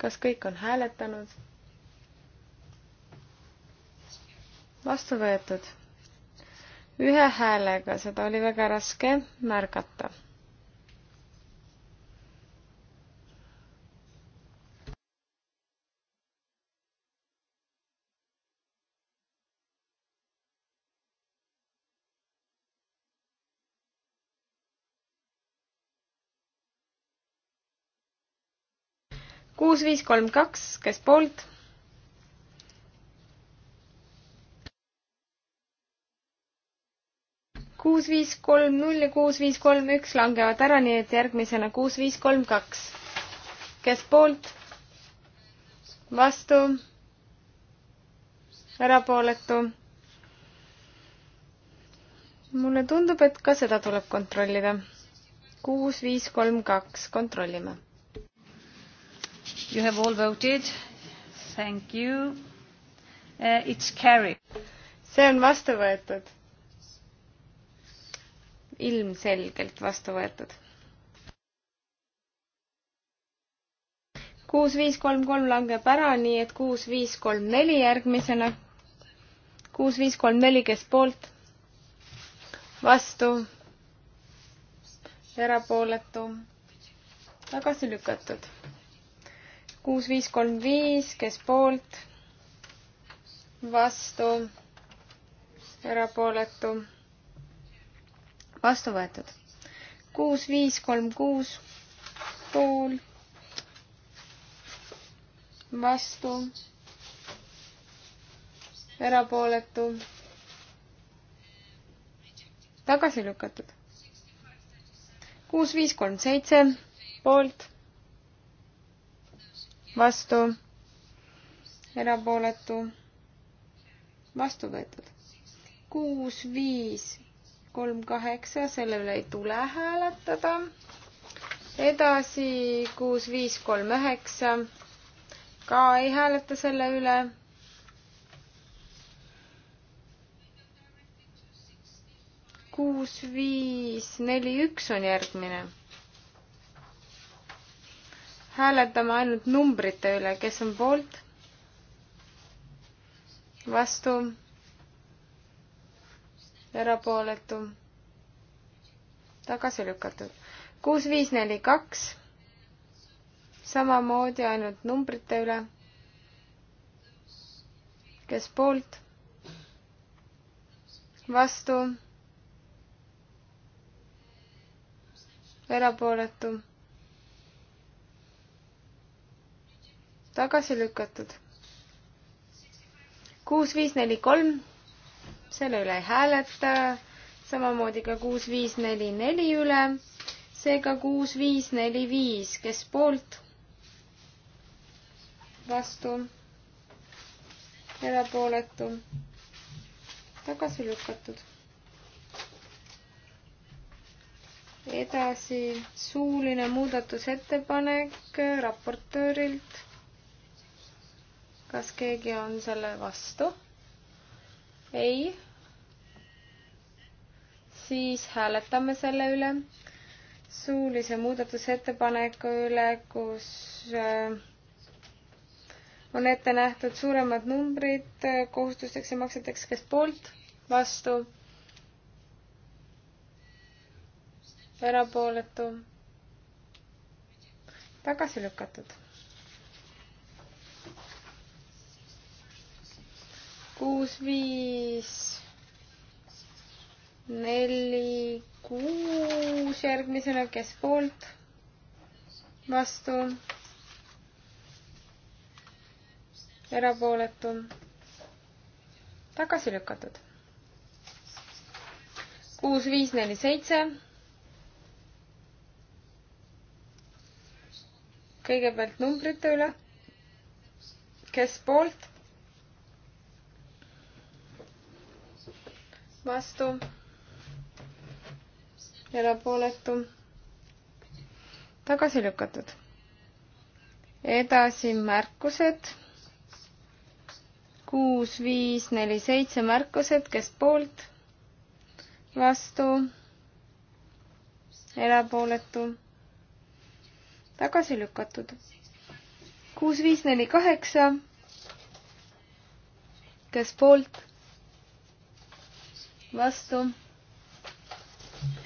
kas kõik on hääletanud? vastu võetud. ühe häälega, seda oli väga raske märgata kuus, viis, kolm, kaks, kes poolt? kuus, viis, kolm, null ja kuus, viis, kolm, üks langevad ära, nii et järgmisena kuus, viis, kolm, kaks. kes poolt? vastu? erapooletu? mulle tundub, et ka seda tuleb kontrollida. kuus, viis, kolm, kaks, kontrollime You have all voted. Thank you. Uh, it's carried. see on vastu võetud. ilmselgelt vastu võetud. kuus, viis, kolm, kolm langeb ära, nii et kuus, viis, kolm, neli järgmisena. kuus, viis, kolm, neli, kes poolt? vastu? erapooletu? tagasi lükatud kuus, viis, kolm, viis, kes poolt, vastu, erapooletu, vastu võetud. kuus, viis, kolm, kuus, poolt, vastu, erapooletu, tagasi lükatud. kuus, viis, kolm, seitse, poolt vastu, erapooletu, vastu võetud. kuus, viis, kolm, kaheksa, selle üle ei tule hääletada. edasi kuus, viis, kolm, üheksa, ka ei hääleta selle üle kuus, viis, neli, üks on järgmine hääletama ainult numbrite üle, kes on poolt, vastu, erapooletu, tagasi lükatud. kuus, viis, neli, kaks, samamoodi ainult numbrite üle, kes poolt, vastu, erapooletu tagasi lükatud. kuus, viis, neli, kolm, selle üle ei hääleta, samamoodi ka kuus, viis, neli, neli üle, seega kuus, viis, neli, viis, kes poolt? vastu, erapooletu, tagasi lükatud edasi suuline muudatusettepanek raportöörilt kas keegi on selle vastu? ei. siis hääletame selle üle, suulise muudatusettepaneku üle, kus äh, on ette nähtud suuremad numbrid äh, kohustusteks ja makseteks, kes poolt, vastu, erapooletu, tagasi lükatud kuus, viis, neli, kuus järgmisena, kes poolt, vastu, erapooletu, tagasi lükatud. kuus, viis, neli, seitse. kõigepealt numbrite üle. kes poolt vastu, erapooletu, tagasi lükatud. edasi märkused. kuus, viis, neli, seitse märkused, kes poolt, vastu, erapooletu, tagasi lükatud. kuus, viis, neli, kaheksa, kes poolt vastu,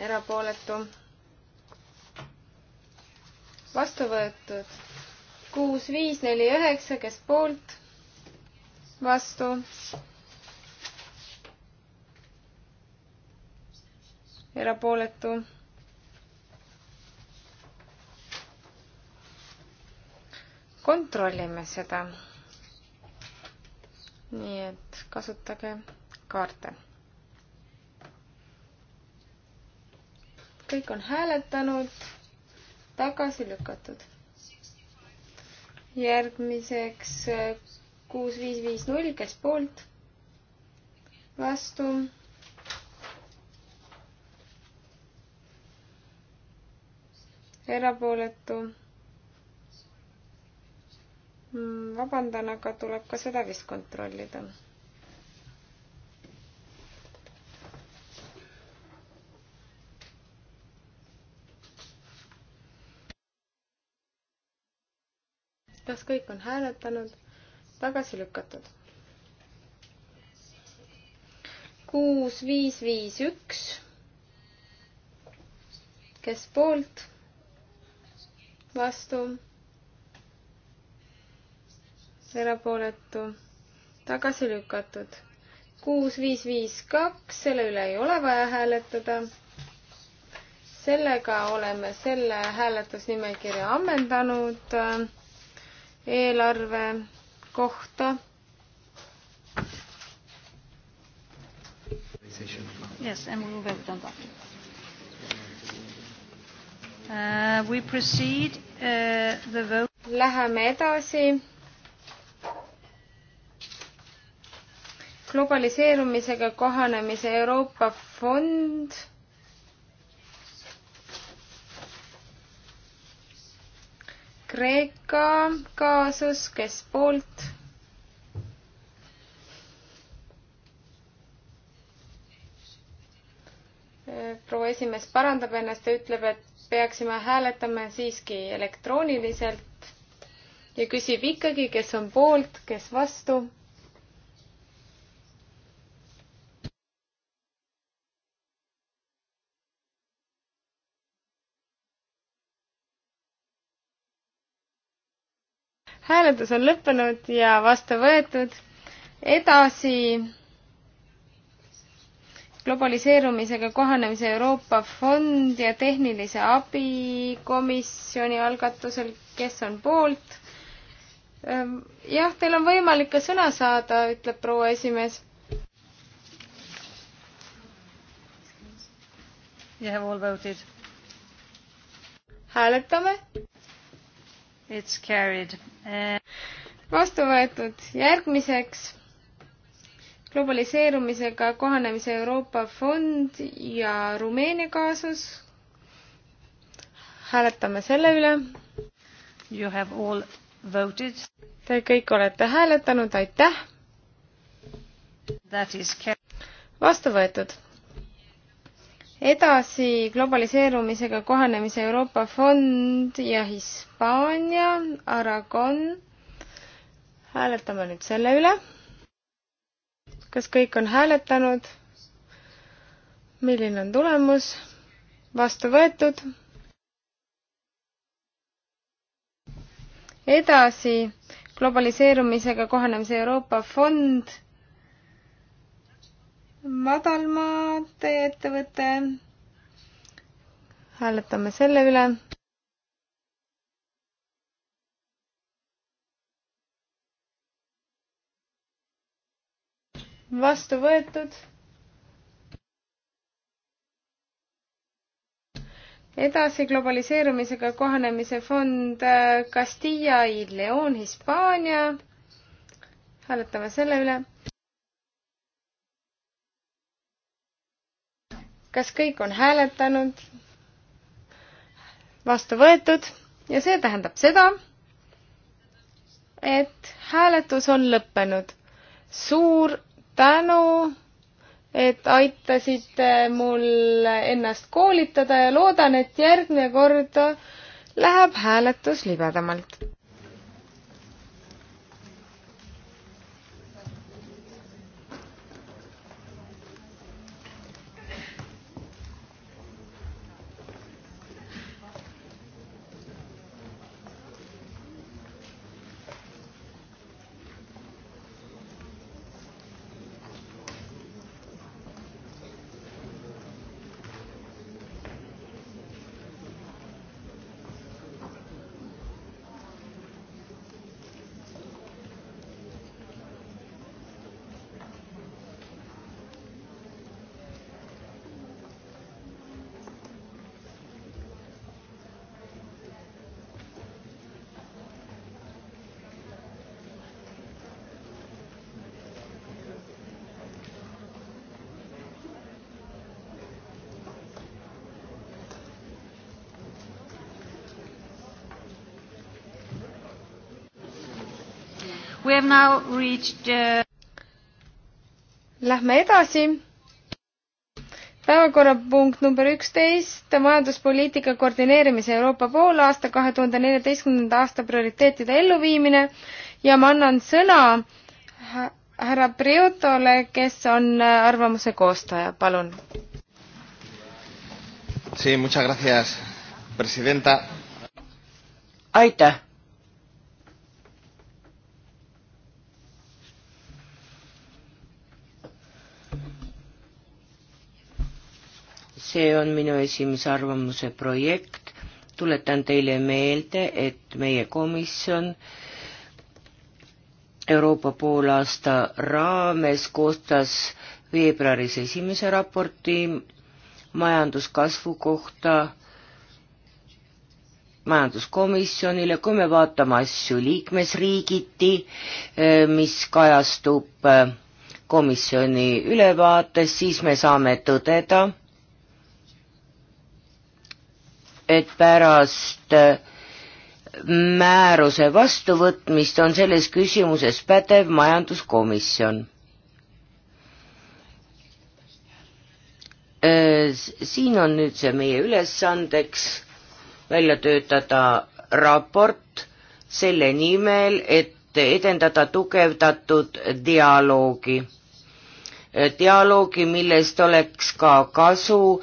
erapooletu, vastu võetud. kuus, viis, neli, üheksa, kes poolt, vastu, erapooletu. kontrollime seda. nii et kasutage kaarte kõik on hääletanud, tagasi lükatud. järgmiseks äh, kuus, viis, viis, null, kes poolt? vastu. erapooletu. Mm, vabandan, aga tuleb ka seda vist kontrollida kas kõik on hääletanud? tagasi lükatud. kuus, viis, viis, üks. kes poolt? vastu? erapooletu? tagasi lükatud. kuus, viis, viis, kaks, selle üle ei ole vaja hääletada sellega oleme selle hääletusnimekirja ammendanud eelarve kohta. Yes, and we will vote on that. Uh, we proceed uh, the vote. Läheme edasi. globaliseerumisega kohanemise Euroopa fond Kreeka kaasus, kes poolt? proua esimees parandab ennast ja ütleb, et peaksime hääletama siiski elektrooniliselt ja küsib ikkagi, kes on poolt, kes vastu hääletus on lõppenud ja vastu võetud. edasi globaliseerumisega kohanemise Euroopa Fond ja tehnilise abi komisjoni algatusel, kes on poolt? Ehm, jah, teil on võimalik ka sõna saada, ütleb proua esimees. You have all voted. hääletame. It's carried uh.... vastu võetud. järgmiseks globaliseerumisega kohanemise Euroopa fond ja Rumeenia kaasus. hääletame selle üle. You have all voted. Te kõik olete hääletanud, aitäh. That is carried. vastu võetud edasi globaliseerumisega kohanemise Euroopa fond ja Hispaania, Aragon. hääletame nüüd selle üle. kas kõik on hääletanud? milline on tulemus? vastu võetud. edasi globaliseerumisega kohanemise Euroopa fond madalmaade ettevõte. hääletame selle üle. vastu võetud. edasi globaliseerumisega kohanemise fond äh, Castilla y León Hispaania. hääletame selle üle. kas kõik on hääletanud? vastu võetud ja see tähendab seda, et hääletus on lõppenud. suur tänu, et aitasite mul ennast koolitada ja loodan, et järgmine kord läheb hääletus libedamalt. The... Lähme edasi. päevakorrapunkt number üksteist, majanduspoliitika koordineerimise Euroopa poolaasta kahe tuhande neljateistkümnenda aasta prioriteetide elluviimine ja ma annan sõna härra Priotole, kes on äh, arvamuse koostaja, palun. aitäh see on minu esimese arvamuse projekt, tuletan teile meelde, et meie komisjon Euroopa poolaasta raames koostas veebruaris esimese raporti majanduskasvu kohta majanduskomisjonile, kui me vaatame asju liikmesriigiti, eh, mis kajastub eh, komisjoni ülevaates, siis me saame tõdeda, et pärast äh, määruse vastuvõtmist on selles küsimuses pädev majanduskomisjon. Äh, siin on nüüd see meie ülesandeks välja töötada raport selle nimel, et edendada tugevdatud dialoogi dialoogi, millest oleks ka kasu,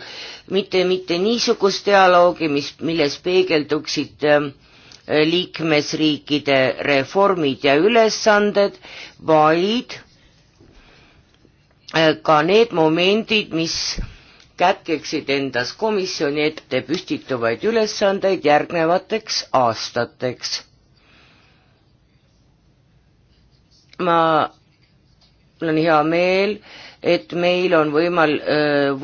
mitte, mitte niisugust dialoogi, mis, milles peegelduksid ähm, liikmesriikide reformid ja ülesanded, vaid äh, ka need momendid, mis kätkeksid endas komisjoni ette püstituvaid ülesandeid järgnevateks aastateks. ma, mul on hea meel äh, et meil on võimal-,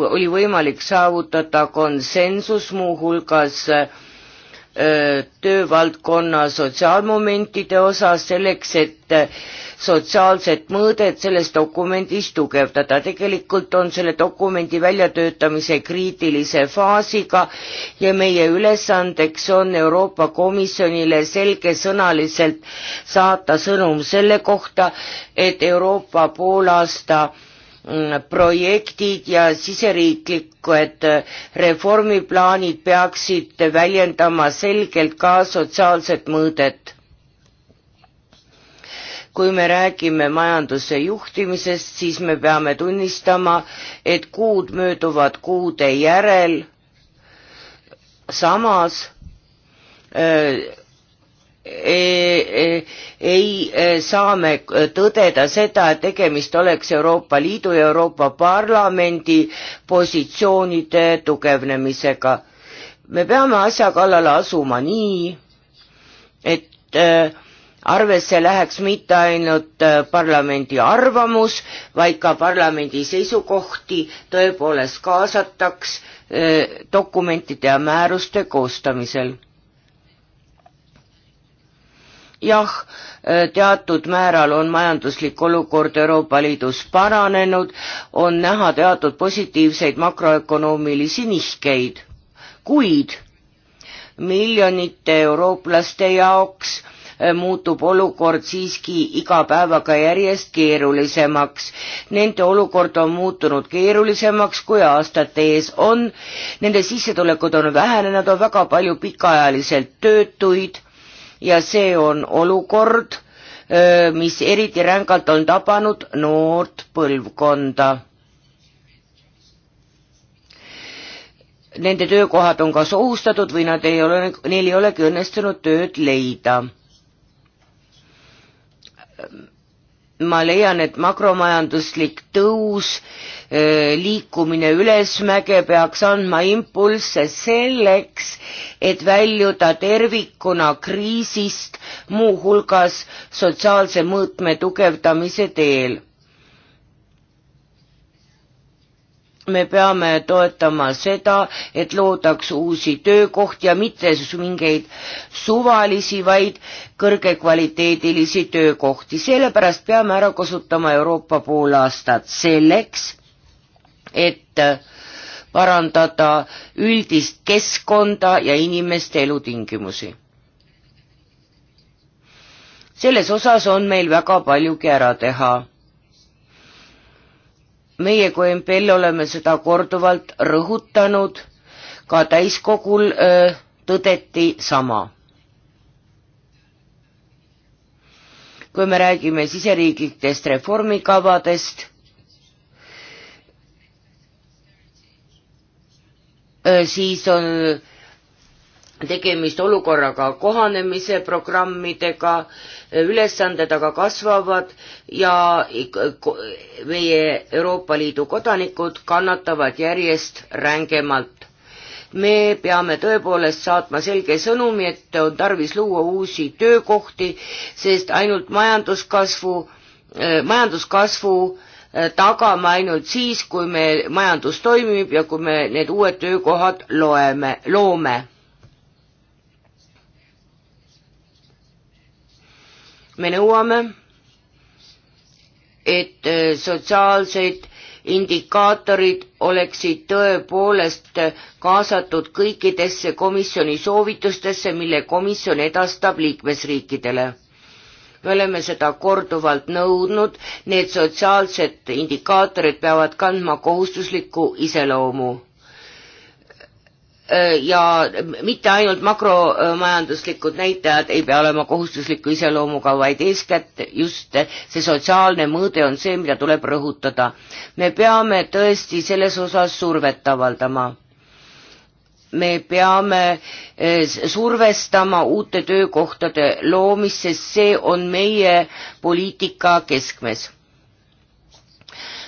oli võimalik saavutada konsensus muuhulgas töövaldkonna sotsiaalmomentide osas selleks, et sotsiaalset mõõdet selles dokumendis tugevdada. tegelikult on selle dokumendi väljatöötamise kriitilise faasiga ja meie ülesandeks on Euroopa Komisjonile selgesõnaliselt saata sõnum selle kohta, et Euroopa poolaasta aasta Mm, projektid ja siseriiklikud äh, reformiplaanid peaksid väljendama selgelt ka sotsiaalset mõõdet. kui me räägime majanduse juhtimisest, siis me peame tunnistama, et kuud mööduvad kuude järel, samas öö, äh, Eh, eh, ei eh, saa me tõdeda seda, et tegemist oleks Euroopa Liidu ja Euroopa Parlamendi positsioonide tugevnemisega. me peame asja kallale asuma nii, et arvesse läheks mitte ainult parlamendi arvamus, vaid ka parlamendi seisukohti tõepoolest kaasataks dokumentide ja määruste koostamisel jah, eh, teatud määral on majanduslik olukord Euroopa Liidus paranenud, on näha teatud positiivseid makroökonoomilisi nihkeid, kuid miljonite eurooplaste jaoks eh, muutub olukord siiski iga päevaga järjest keerulisemaks. Nende olukord on muutunud keerulisemaks, kui aastate ees on, nende sissetulekud on vähenenud, on väga palju pikaajaliselt töötuid ja see on olukord, mis eriti rängalt on tabanud noort põlvkonda. Nende töökohad on kas ohustatud või nad ei ole, neil ei olegi õnnestunud tööd leida. ma leian, et makromajanduslik tõus liikumine ülesmäge peaks andma impulsse selleks, et väljuda tervikuna kriisist, muuhulgas sotsiaalse mõõtme tugevdamise teel. me peame toetama seda, et loodaks uusi töökohti ja mitte mingeid suvalisi, vaid kõrgekvaliteedilisi töökohti, sellepärast peame ära kasutama Euroopa poolaastat selleks et parandada üldist keskkonda ja inimeste elutingimusi. selles osas on meil väga paljugi ära teha. meie kui MPL oleme seda korduvalt rõhutanud, ka täiskogul öö, tõdeti sama. kui me räägime siseriiklikest reformikavadest Äh, siis on tegemist olukorraga kohanemise programmidega, äh, ülesanded aga kasvavad ja meie Euroopa Liidu kodanikud kannatavad järjest rängemalt. me peame tõepoolest saatma selge sõnumi, et on tarvis luua uusi töökohti, sest ainult majanduskasvu, äh, majanduskasvu äh, Äh, tagama ainult siis, kui meil majandus toimib ja kui me need uued töökohad loeme, loome. me nõuame, et äh, sotsiaalseid indikaatorid oleksid tõepoolest kaasatud kõikidesse komisjoni soovitustesse, mille komisjon edastab liikmesriikidele me oleme seda korduvalt nõudnud, need sotsiaalsed indikaatorid peavad kandma kohustuslikku iseloomu. Äh, ja mitte ainult makromajanduslikud näitajad ei pea olema kohustusliku iseloomuga, vaid eeskätt just see sotsiaalne mõõde on see, mida tuleb rõhutada. me peame tõesti selles osas survet avaldama me peame eh, survestama uute töökohtade loomist, sest see on meie poliitika keskmes.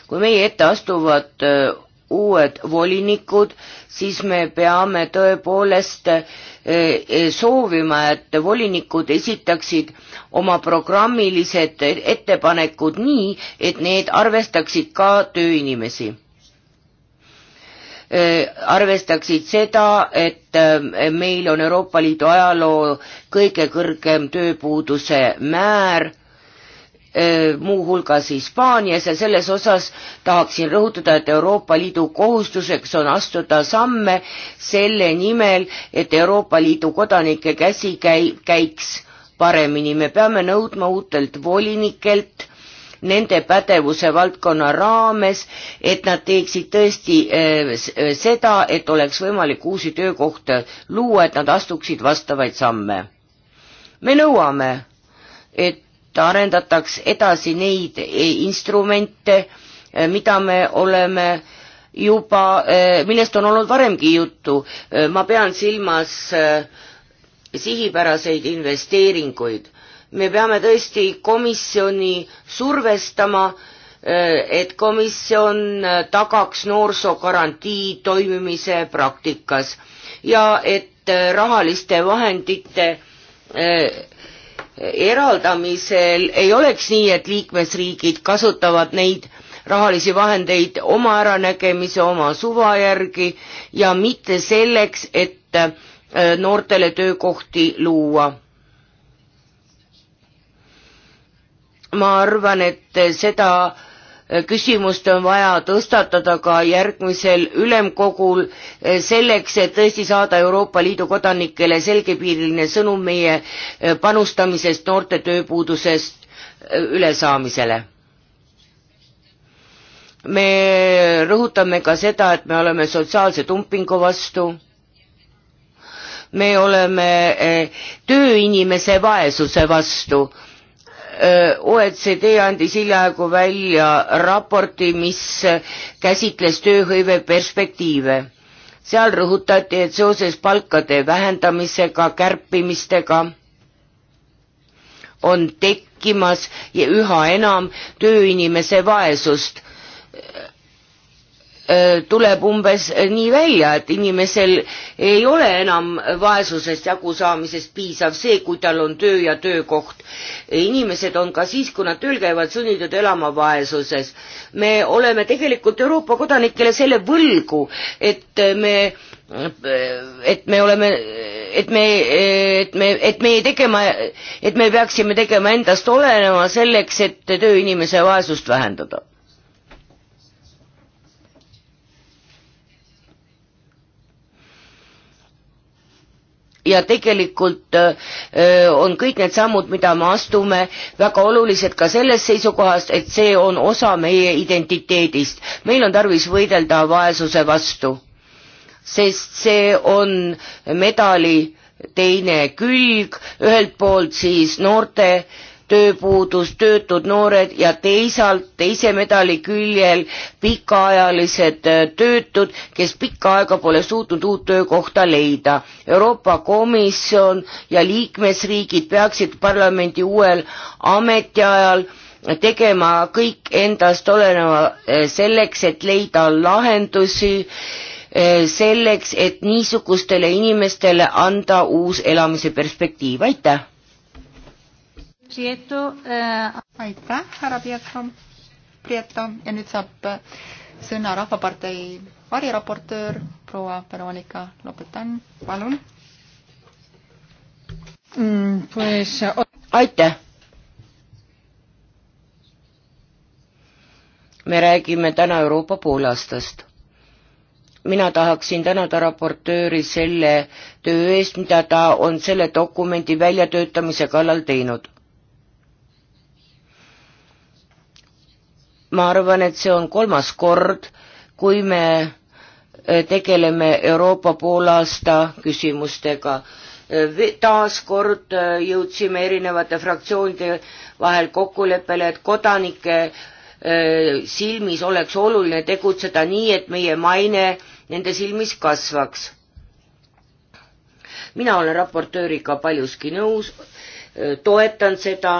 kui meie ette astuvad eh, uued volinikud, siis me peame tõepoolest eh, soovima, et volinikud esitaksid oma programmilised ettepanekud nii, et need arvestaksid ka tööinimesi Äh, arvestaksid seda, et äh, meil on Euroopa Liidu ajaloo kõige kõrgem tööpuuduse määr, äh, muuhulgas Hispaanias ja selles osas tahaksin rõhutada, et Euroopa Liidu kohustuseks on astuda samme selle nimel, et Euroopa Liidu kodanike käsi käi-, käiks paremini, me peame nõudma uutelt volinikelt nende pädevuse valdkonna raames, et nad teeksid tõesti eh, eh, seda, et oleks võimalik uusi töökohti luua, et nad astuksid vastavaid samme. me nõuame, et arendataks edasi neid eh, instrumente, mida me oleme juba, millest on olnud varemgi juttu, ma pean silmas sihipäraseid investeeringuid me peame tõesti komisjoni survestama, eh, et komisjon eh, tagaks noorsoogarantii toimimise praktikas ja et eh, rahaliste vahendite eraldamisel ei oleks nii, et liikmesriigid kasutavad neid rahalisi vahendeid oma äranägemise, oma suva järgi ja mitte selleks, et noortele töökohti luua ma arvan, et seda küsimust on vaja tõstatada ka järgmisel ülemkogul eh, selleks, et tõesti saada Euroopa Liidu kodanikele selgepiiriline sõnum meie eh, panustamisest noorte tööpuudusest eh, ülesaamisele. me rõhutame ka seda, et me oleme sotsiaalse dumpingu vastu, me oleme tööinimese vaesuse vastu OECD andis hiljaaegu välja raporti, mis käsitles tööhõive perspektiive. seal rõhutati, et seoses palkade vähendamisega, kärpimistega on tekkimas ja üha enam tööinimese vaesust Äh, tuleb umbes nii välja, et inimesel ei ole enam vaesusest jagusaamisest piisav see, kui tal on töö ja töökoht. inimesed on ka siis, kui nad tööl käivad, sunnitud elama vaesuses. me oleme tegelikult Euroopa kodanikele selle võlgu, et me et me oleme, et me, et me, et meie tegema, et me peaksime tegema endast olenema selleks, et tööinimese vaesust vähendada ja tegelikult äh, on kõik need sammud, mida me astume, väga olulised ka sellest seisukohast, et see on osa meie identiteedist. meil on tarvis võidelda vaesuse vastu, sest see on medali teine külg, ühelt poolt siis noorte äh, tööpuudus, töötud noored ja teisalt teise medali küljel pikaajalised äh, töötud, kes pikka aega pole suutnud uut töökohta leida. Euroopa Komisjon ja liikmesriigid peaksid parlamendi uuel ametiajal tegema kõik endast oleneva äh, selleks, et leida lahendusi, äh, selleks, et niisugustele inimestele anda uus elamise perspektiiv, aitäh! Prieto äh.... aitäh, härra Prieto. Prieto ja nüüd saab äh, sõna Rahvapartei variraportöör proua Veronika Lopetan, palun mm,. Pues... aitäh. me räägime täna Euroopa poolaastast mina tahaksin tänada raportööri selle töö eest, mida ta on selle dokumendi väljatöötamise kallal teinud. ma arvan, et see on kolmas kord, kui me eh, tegeleme Euroopa poolaasta küsimustega. Eh, taaskord eh, jõudsime erinevate fraktsioonide vahel kokkuleppele, et kodanike silmis oleks oluline tegutseda nii, et meie maine nende silmis kasvaks. mina olen raportööriga paljuski nõus, toetan seda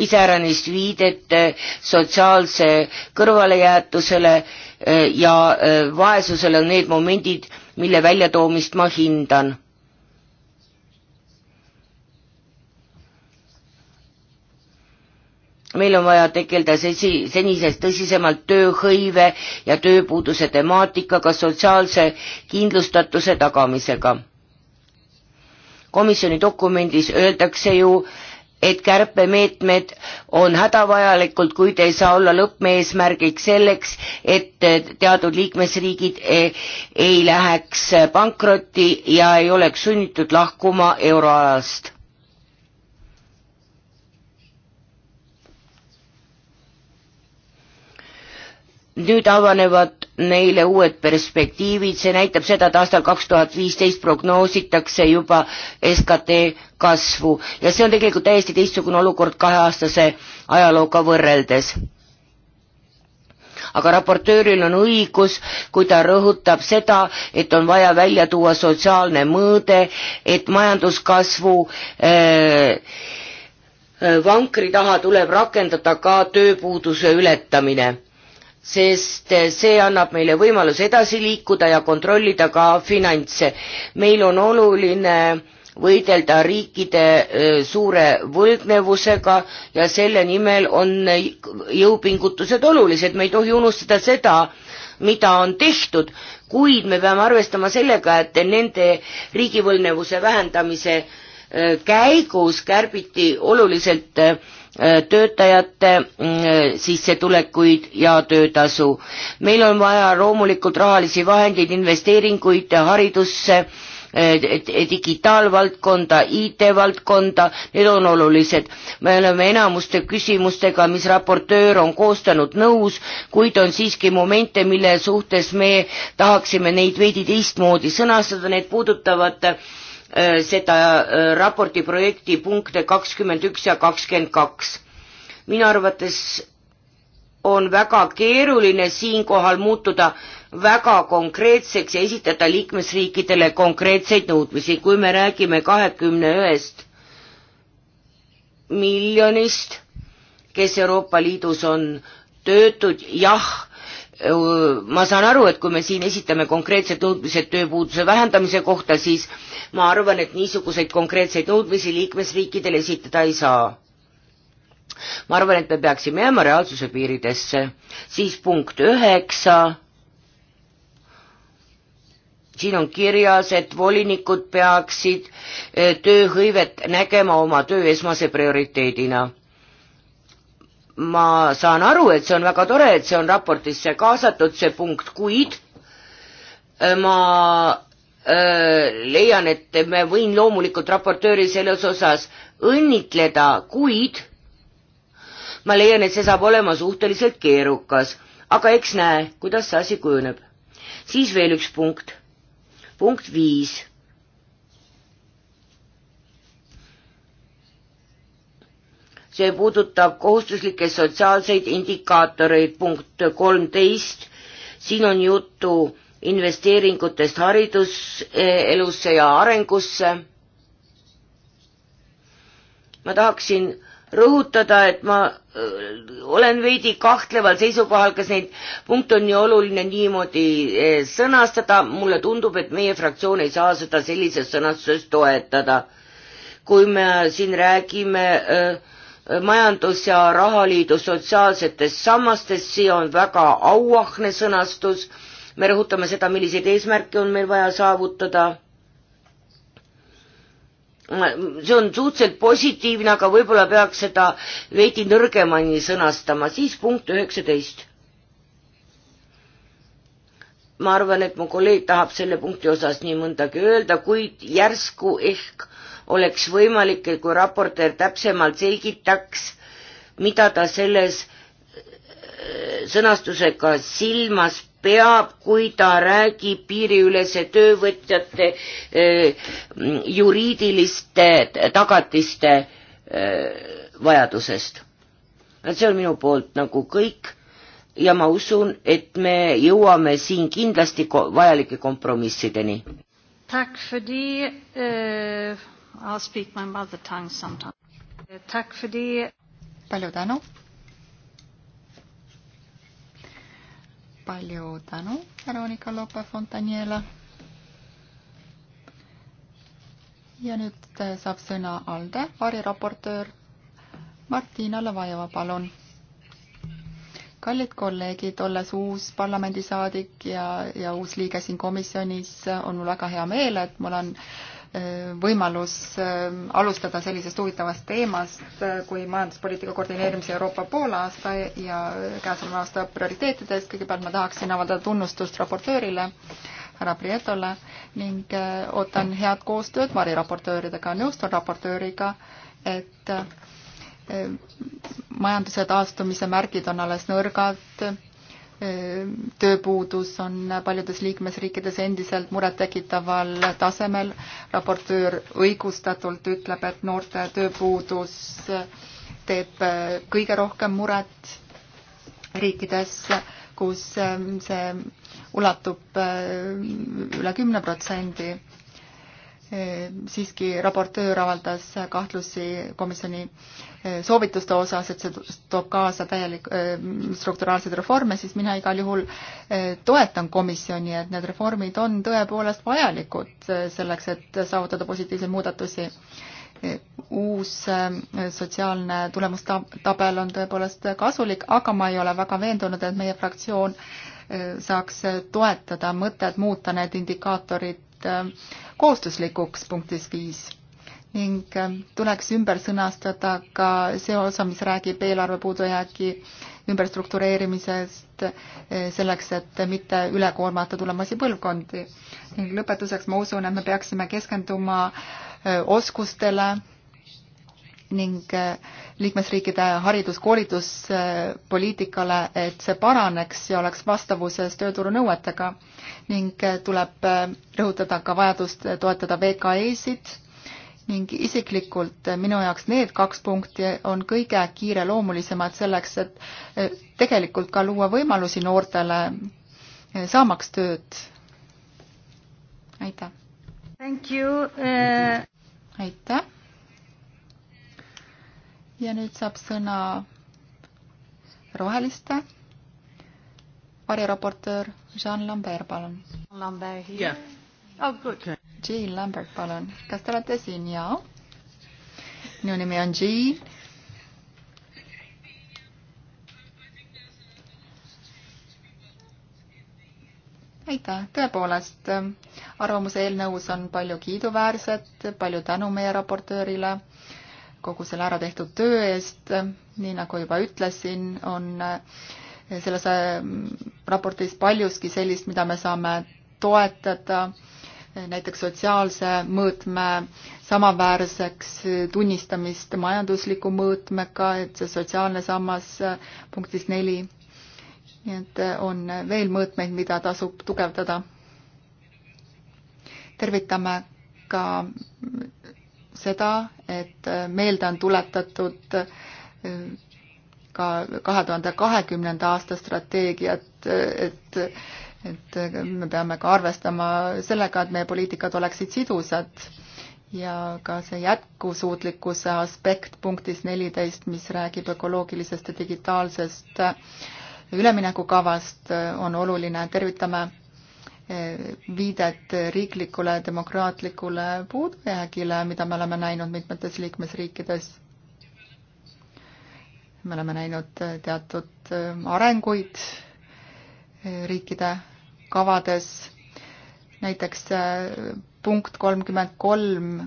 iseäranis viidet eh, sotsiaalse kõrvalejäetusele eh, ja eh, vaesusele on need momendid, mille väljatoomist ma hindan. meil on vaja tegeleda senisest tõsisemalt tööhõive ja tööpuuduse temaatikaga, sotsiaalse kindlustatuse tagamisega komisjoni dokumendis öeldakse ju, et kärpemeetmed on hädavajalikud, kuid ei saa olla lõppmeesmärgiks selleks, et teatud liikmesriigid e, ei läheks pankrotti ja ei oleks sunnitud lahkuma euroalast. nüüd avanevad neile uued perspektiivid, see näitab seda, et aastal kaks tuhat viisteist prognoositakse juba SKT kasvu ja see on tegelikult täiesti teistsugune olukord kaheaastase ajalooga võrreldes aga raportööril on õigus, kui ta rõhutab seda, et on vaja välja tuua sotsiaalne mõõde, et majanduskasvu äh, äh vankri taha tuleb rakendada ka tööpuuduse ületamine sest see annab meile võimaluse edasi liikuda ja kontrollida ka finantse. meil on oluline võidelda riikide suure võlgnevusega ja selle nimel on jõupingutused olulised, me ei tohi unustada seda, mida on tehtud, kuid me peame arvestama sellega, et nende riigivõlgnevuse vähendamise käigus kärbiti oluliselt äh, Äh, töötajate mm, äh, sissetulekuid ja töötasu. meil on vaja loomulikult rahalisi vahendeid, investeeringuid haridusse, äh, digitaalvaldkonda, IT-valdkonda, need on olulised. me oleme enamuste küsimustega, mis raportöör on koostanud, nõus, kuid on siiski momente, mille suhtes me tahaksime neid veidi teistmoodi sõnastada, need puudutavad äh, Äh, seda äh, raporti projekti punkte kakskümmend üks ja kakskümmend kaks. minu arvates on väga keeruline siinkohal muutuda väga konkreetseks ja esitada liikmesriikidele konkreetseid nõudmisi, kui me räägime kahekümne ühest miljonist, kes Euroopa Liidus on töötud, jah ma saan aru, et kui me siin esitame konkreetsed nõudmised tööpuuduse vähendamise kohta, siis ma arvan, et niisuguseid konkreetseid nõudmisi liikmesriikidele esitada ei saa. ma arvan, et me peaksime jääma reaalsuse piiridesse, siis punkt üheksa, siin on kirjas, et volinikud peaksid eh, tööhõivet nägema oma töö esmase prioriteedina ma saan aru, et see on väga tore, et see on raportisse kaasatud, see punkt, kuid äh, ma öö, äh, leian, et ma võin loomulikult raportööri selles osas õnnitleda, kuid ma leian, et see saab olema suhteliselt keerukas, aga eks näe, kuidas see asi kujuneb. siis veel üks punkt, punkt viis see puudutab kohustuslikke sotsiaalseid indikaatoreid, punkt kolmteist, siin on juttu investeeringutest hariduselusse ja arengusse. ma tahaksin rõhutada, et ma äh, olen veidi kahtleval seisukohal, kas neid punkte on nii oluline niimoodi äh, sõnastada, mulle tundub, et meie fraktsioon ei saa seda sellises sõnastuses toetada. kui me siin räägime öö, äh, majandus- ja rahaliidu sotsiaalsetest sammastest, see on väga auahne sõnastus, me rõhutame seda, milliseid eesmärke on meil vaja saavutada. see on suhteliselt positiivne, aga võib-olla peaks seda veidi nõrgemini sõnastama, siis punkt üheksateist. ma arvan, et mu kolleeg tahab selle punkti osas nii mõndagi öelda, kuid järsku ehk oleks võimalik, kui raportöör täpsemalt selgitaks, mida ta selles äh, sõnastusega silmas peab, kui ta räägib piiriülese töövõtjate äh, juriidiliste tagatiste äh, vajadusest. see on minu poolt nagu kõik ja ma usun, et me jõuame siin kindlasti vajalike kompromissideni. Tack för det. Eh, I'll speak my mother tongue sometime. Tack för det. palju tänu. palju tänu, Veronika Lope-Fontaniele. ja nüüd äh, saab sõna ALDE variraportöör Martina Lavajeva, palun. kallid kolleegid, olles uus parlamendisaadik ja, ja uus liige siin komisjonis, on mul väga hea meel, et mul on äh, Äh, võimalus ähm, alustada sellisest huvitavast teemast äh, kui majanduspoliitika koordineerimise Euroopa poolaasta ja käesoleva aasta prioriteetidest. kõigepealt ma tahaksin avaldada tunnustust raportöörile härra Prietole ning äh, ootan head koostööd variraportööridega, nõustun raportööriga, et majanduse taastumise märgid on alles nõrgad tööpuudus on paljudes liikmesriikides endiselt murettekitaval tasemel. raportöör õigustatult ütleb, et noorte tööpuudus teeb kõige rohkem muret riikides, kus see ulatub üle kümne protsendi Ehm, siiski raportöör avaldas kahtlusi komisjoni ehm, soovituste osas, et see toob kaasa täielik ehm, strukturaalseid reforme, siis mina igal juhul toetan komisjoni, et need reformid on tõepoolest vajalikud selleks, et saavutada positiivseid muudatusi. uus sotsiaalne tulemustabel on tõepoolest kasulik, aga ma ei ole väga veendunud, et meie fraktsioon saaks toetada mõtet muuta need indikaatorid ainult äh, kohustuslikuks punktis viis ning äh, tuleks ümber sõnastada ka see osa, mis räägib eelarve puudujäägi ümberstruktureerimisest äh, selleks, et mitte üle koormata tulemasi põlvkondi. ning lõpetuseks ma usun, et me peaksime keskenduma oskustele ning äh, liikmesriikide haridus-koolituspoliitikale, et see paraneks ja oleks vastavuses tööturu nõuetega ning äh, tuleb äh, rõhutada ka vajadust toetada VKE-sid ning isiklikult minu jaoks need kaks punkti on kõige kiireloomulisemad selleks, et tegelikult ka luua võimalusi noortele saamaks tööd. aitäh! aitäh! ja nüüd saab sõna roheliste variraportöör Jean Lambert, palun. Lambert here yeah.. Oh, good. Jean Lambert, palun. kas te olete siin? jaa. minu nimi on Jean. aitäh, tõepoolest, arvamuse eelnõus on palju kiiduväärset, palju tänu meie raportöörile kogu selle ära tehtud töö eest, nii nagu juba ütlesin, on eh, selles eh, raportis paljuski sellist, mida me saame toetada, eh, näiteks sotsiaalse mõõtme samaväärseks tunnistamist majandusliku mõõtmega, et see sotsiaalne sammas punktis neli. nii et on veel mõõtmeid, mida tasub tugevdada. tervitame ka seda, et meelde on tuletatud äh, ka kahe tuhande kahekümnenda aasta strateegiat, et, et me peame ka arvestama sellega, et meie poliitikad oleksid sidusad ja ka see jätkusuutlikkuse aspekt punktis neliteist, mis räägib ökoloogilisest ja digitaalsest üleminekukavast, on oluline, tervitame viidet riiklikule demokraatlikule puudujäägile, mida me oleme näinud mitmetes liikmesriikides. me oleme näinud teatud arenguid riikide kavades, näiteks äh, punkt kolmkümmend kolm äh,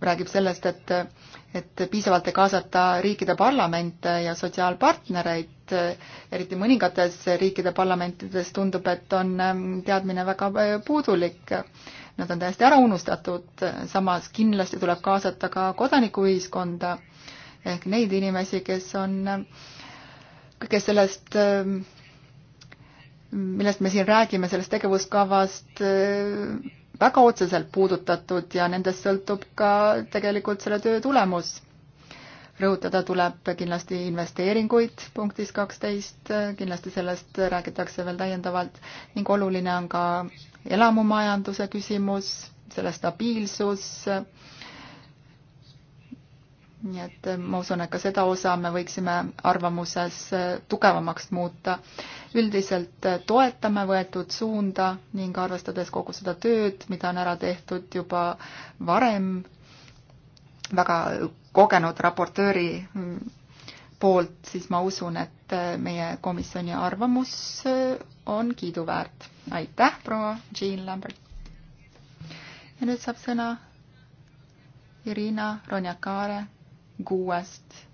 räägib sellest, et et piisavalt ei kaasata riikide parlamente ja sotsiaalpartnereid, eriti mõningates riikide parlamentides tundub, et on ähm, teadmine väga äh, puudulik. Nad on täiesti ära unustatud, samas kindlasti tuleb kaasata ka kodanikuühiskonda ehk neid inimesi, kes on äh, kõigest sellest, ähm, millest me siin räägime, sellest tegevuskavast äh, väga otseselt puudutatud ja nendest sõltub ka tegelikult selle töö tulemus. rõhutada tuleb kindlasti investeeringuid punktis kaksteist, kindlasti sellest räägitakse veel täiendavalt ning oluline on ka elamumajanduse küsimus, selle stabiilsus, nii et äh, ma usun, et ka seda osa me võiksime arvamuses äh, tugevamaks muuta. üldiselt äh, toetame võetud suunda ning arvestades kogu seda tööd, mida on ära tehtud juba varem väga kogenud raportööri mm, poolt, siis ma usun, et meie komisjoni arvamus on kiiduväärt. aitäh, proua Jean Lambert! ja nüüd saab sõna Irina Ronjakare GUAST.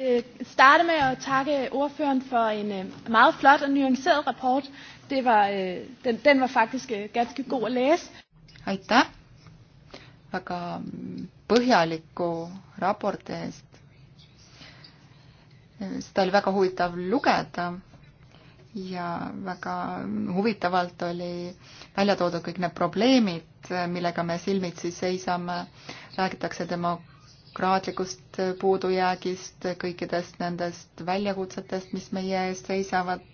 Øh, starte med at takke ordføreren for en øh, meget flot og nuanceret rapport. Det var, øh, den, den var faktisk ganske god at læse. Aitäh väga mm, põhjaliku raporti eest. Äh, seda oli väga huvitav lugeda ja väga mm, huvitavalt oli välja toodud kõik need probleemid, äh, millega me silmitsi seisame. räägitakse demo-, bürokraatlikust puudujäägist, kõikidest nendest väljakutsetest, mis meie ees seisavad,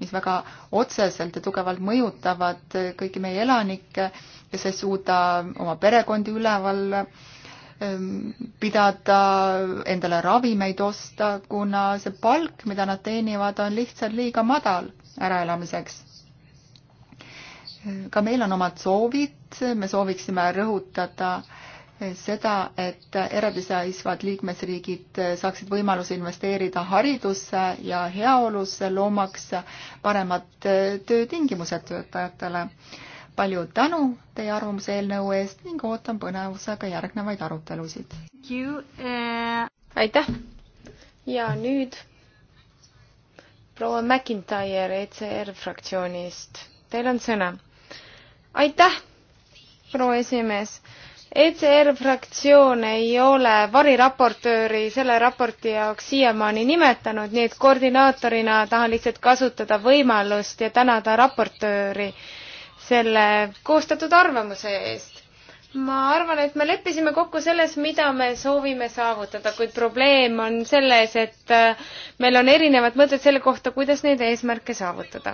mis väga otseselt ja tugevalt mõjutavad kõiki meie elanikke, kes ei suuda oma perekondi üleval ehm, pidada, endale ravimeid osta, kuna see palk, mida nad teenivad, on lihtsalt liiga madal äraelamiseks ka meil on omad soovid, me sooviksime rõhutada seda, et eraldiseisvad liikmesriigid saaksid võimaluse investeerida haridusse ja heaolusse, loomaks paremad töötingimused töötajatele. palju tänu teie arvamuse eelnõu eest ning ootan põnevusega järgnevaid arutelusid. Eh. aitäh ja nüüd proua McIntyre ECR fraktsioonist, teil on sõna. aitäh, proua esimees ECR fraktsioon ei ole variraportööri selle raporti jaoks siiamaani nimetanud, nii et koordinaatorina tahan lihtsalt kasutada võimalust ja tänada raportööri selle koostatud arvamuse eest. ma arvan, et me leppisime kokku selles, mida me soovime saavutada, kuid probleem on selles, et äh, meil on erinevad mõtted selle kohta, kuidas neid eesmärke saavutada.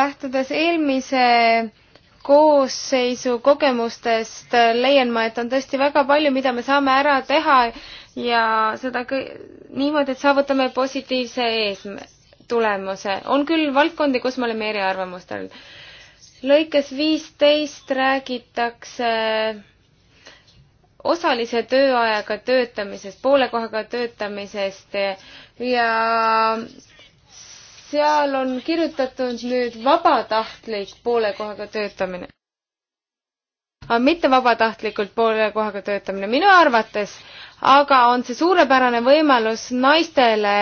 lähtudes eelmise koosseisu kogemustest leian ma, et on tõesti väga palju, mida me saame ära teha ja seda kõ-, niimoodi, et saavutame positiivse ees-, tulemuse. on küll valdkondi, kus me oleme eriarvamustel. lõikes viisteist räägitakse osalise tööajaga töötamisest, poole kohaga töötamisest ja seal on kirjutatud nüüd vabatahtlik poole kohaga töötamine. aga mitte vabatahtlikult poole kohaga töötamine minu arvates, aga on see suurepärane võimalus naistele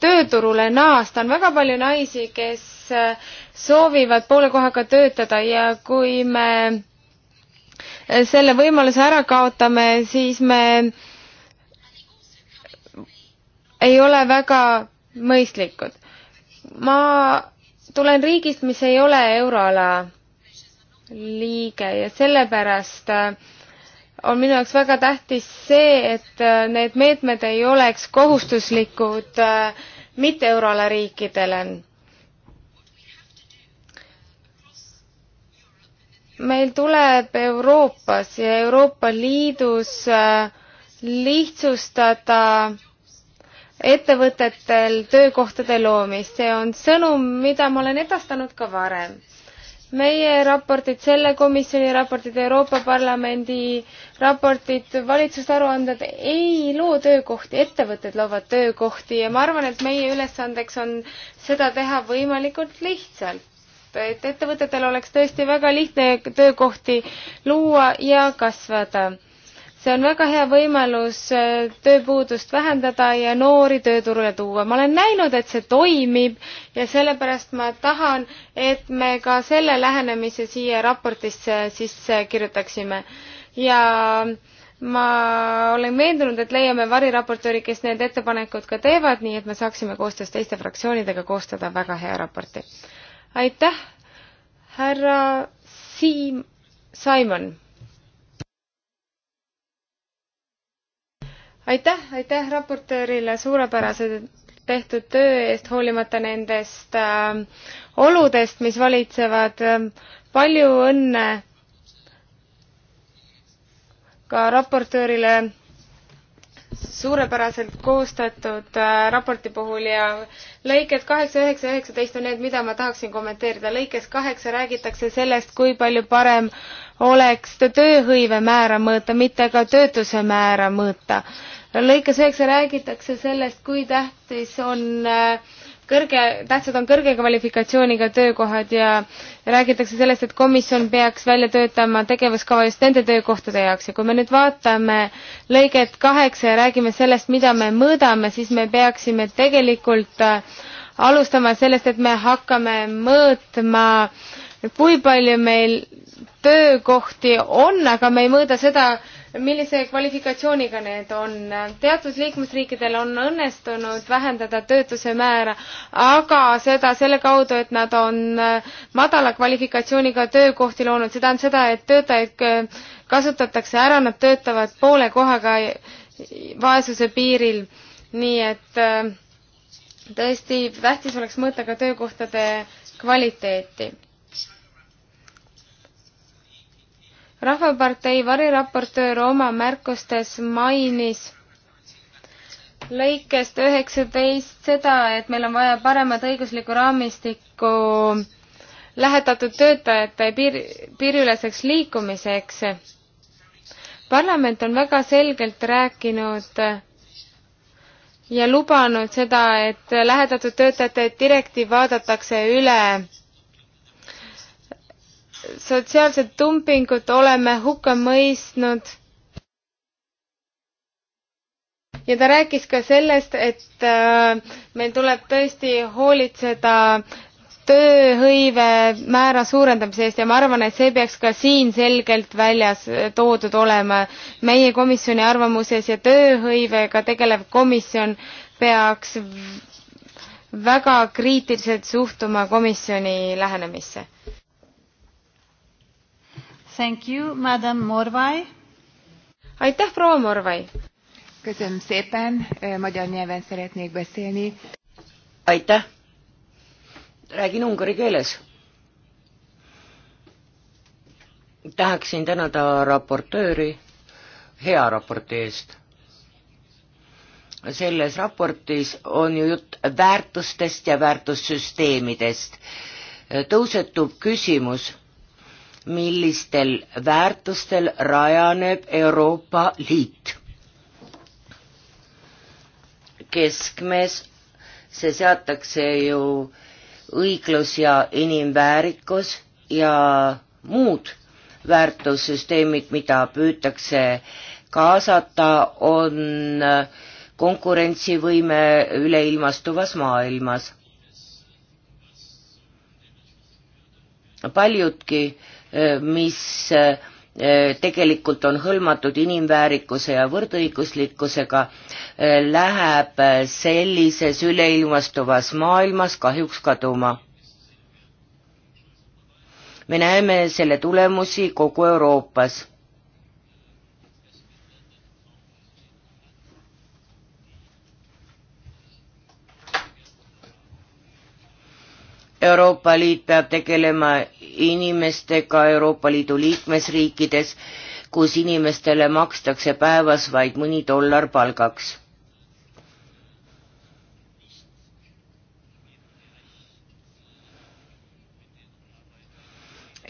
tööturule naasta, on väga palju naisi, kes soovivad poole kohaga töötada ja kui me selle võimaluse ära kaotame, siis me ei ole väga mõistlikud ma tulen riigist, mis ei ole euroala liige ja sellepärast äh, on minu jaoks väga tähtis see, et äh, need meetmed ei oleks kohustuslikud äh, mitte euroala riikidele. meil tuleb Euroopas ja Euroopa Liidus lihtsustada äh, ettevõtetel töökohtade loomist, see on sõnum, mida ma olen edastanud ka varem. meie raportid, selle komisjoni raportid, Euroopa Parlamendi raportid, valitsuste aruanded ei loo töökohti, ettevõtted loovad töökohti ja ma arvan, et meie ülesandeks on seda teha võimalikult lihtsalt et ettevõtetel oleks tõesti väga lihtne töökohti luua ja kasvada see on väga hea võimalus äh, tööpuudust vähendada ja noori tööturule tuua. ma olen näinud, et see toimib ja sellepärast ma tahan, et me ka selle lähenemise siia raportisse sisse kirjutaksime. ja ma olen veendunud, et leiame variraportööri, kes need ettepanekud ka teevad, nii et me saaksime koostöös teiste fraktsioonidega koostada väga hea raporti. aitäh, härra Siim Simon aitäh, aitäh raportöörile suurepärase tehtud töö eest, hoolimata nendest äh, oludest, mis valitsevad äh,. palju õnne ka raportöörile suurepäraselt koostatud äh, raporti puhul ja lõiked kaheksa, üheksa, üheksateist on need, mida ma tahaksin kommenteerida. lõikes kaheksa räägitakse sellest, kui palju parem oleks tööhõive määra mõõta, mitte ka töötuse määra mõõta. lõikes üheksa räägitakse sellest, kui tähtis on äh, kõrge, tähtsad on kõrge kvalifikatsiooniga töökohad ja räägitakse sellest, et komisjon peaks välja töötama tegevuskava just nende töökohtade jaoks ja kui me nüüd vaatame lõiget kaheksa ja räägime sellest, mida me mõõdame, siis me peaksime tegelikult äh, alustama sellest, et me hakkame mõõtma, kui palju meil töökohti on, aga me ei mõõda seda, millise kvalifikatsiooniga need on. teatud liikmesriikidel on õnnestunud vähendada töötuse määra, aga seda selle kaudu, et nad on äh, madala kvalifikatsiooniga töökohti loonud, see tähendab seda, et töötajaid äh, kasutatakse ära, nad töötavad poole kohaga vaesuse piiril. nii et äh, tõesti tähtis oleks mõõta ka töökohtade kvaliteeti rahvapartei variraportöör oma märkustes mainis lõikest üheksateist seda, et meil on vaja paremat õiguslikku raamistikku lähetatud töötajate piir, piiriüleseks liikumiseks. parlament on väga selgelt rääkinud ja lubanud seda, et lähetatud töötajate direktiiv vaadatakse üle sotsiaalset dumpingut oleme hukka mõistnud. ja ta rääkis ka sellest, et äh, meil tuleb tõesti hoolitseda tööhõive määra suurendamise eest ja ma arvan, et see peaks ka siin selgelt väljas äh, toodud olema meie komisjoni arvamuses ja tööhõivega tegelev komisjon peaks väga kriitiliselt suhtuma komisjoni lähenemisse. Thank you, madam Morvai. aitäh, proua Morvai. Köszönöm szépen, magyar nyelven szeretnék beszélni. aitäh. räägin ungari keeles. tahaksin tänada raportööri hea raporti eest selles raportis on ju jutt väärtustest ja väärtussüsteemidest. tõusetub küsimus, millistel väärtustel rajaneb Euroopa Liit. keskmes see seatakse ju õiglus ja inimväärikus ja muud väärtussüsteemid, mida püütakse kaasata, on konkurentsivõime üleilmastuvas maailmas. paljudki äh, mis eh, tegelikult on hõlmatud inimväärikuse ja võrdõiguslikkusega, eh, läheb sellises üleilmastuvas maailmas kahjuks kaduma. me näeme selle tulemusi kogu Euroopas Euroopa Liit peab tegelema inimestega Euroopa Liidu liikmesriikides, kus inimestele makstakse päevas vaid mõni dollar palgaks.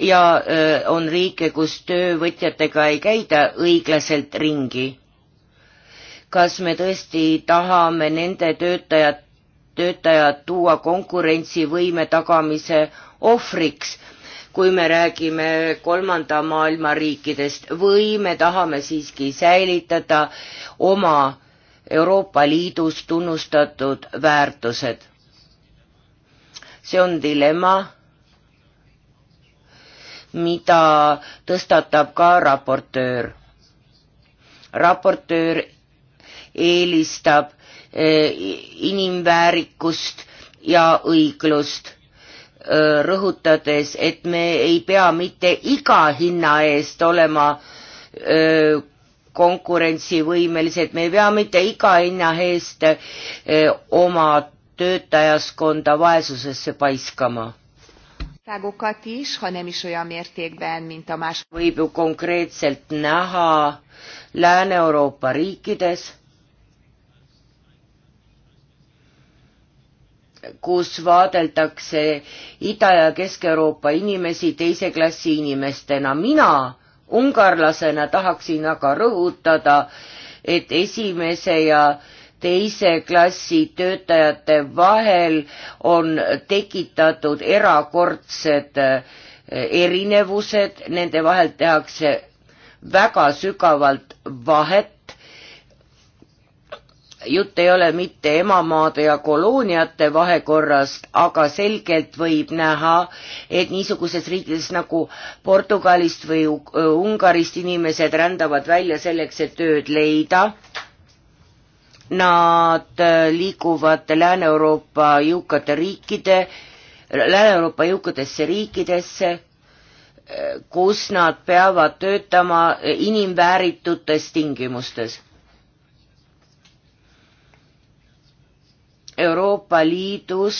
ja öö, on riike, kus töövõtjatega ei käida õiglaselt ringi kas me tõesti tahame nende töötajate töötajad tuua konkurentsivõime tagamise ohvriks, kui me räägime kolmanda maailma riikidest või me tahame siiski säilitada oma Euroopa Liidus tunnustatud väärtused. see on dilemma, mida tõstatab ka raportöör. raportöör eelistab Eh, inimväärikust ja õiglust, rõhutades, et me ei pea mitte iga hinna eest olema konkurentsivõimelised, me ei pea mitte iga hinna eest oma töötajaskonda vaesusesse paiskama országokat is, ha nem is olyan mértékben, mint a más. Võib ju konkreetselt näha Lääne-Euroopa riikides, kus vaadeldakse Ida- ja Kesk-Euroopa inimesi teise klassi inimestena. mina ungarlasena tahaksin aga rõhutada, et esimese ja teise klassi töötajate vahel on tekitatud erakordsed eh, erinevused, nende vahel tehakse väga sügavalt vahet jutt ei ole mitte emamaade ja kolooniate vahekorrast, aga selgelt võib näha, et niisuguses riikides nagu Portugalist või Ungarist inimesed rändavad välja selleks, et tööd leida. Nad äh, liiguvad Lääne-Euroopa jõukate riikide, Lääne-Euroopa jõukadesse riikidesse, äh, kus nad peavad töötama inimvääritutes tingimustes Euroopa Liidus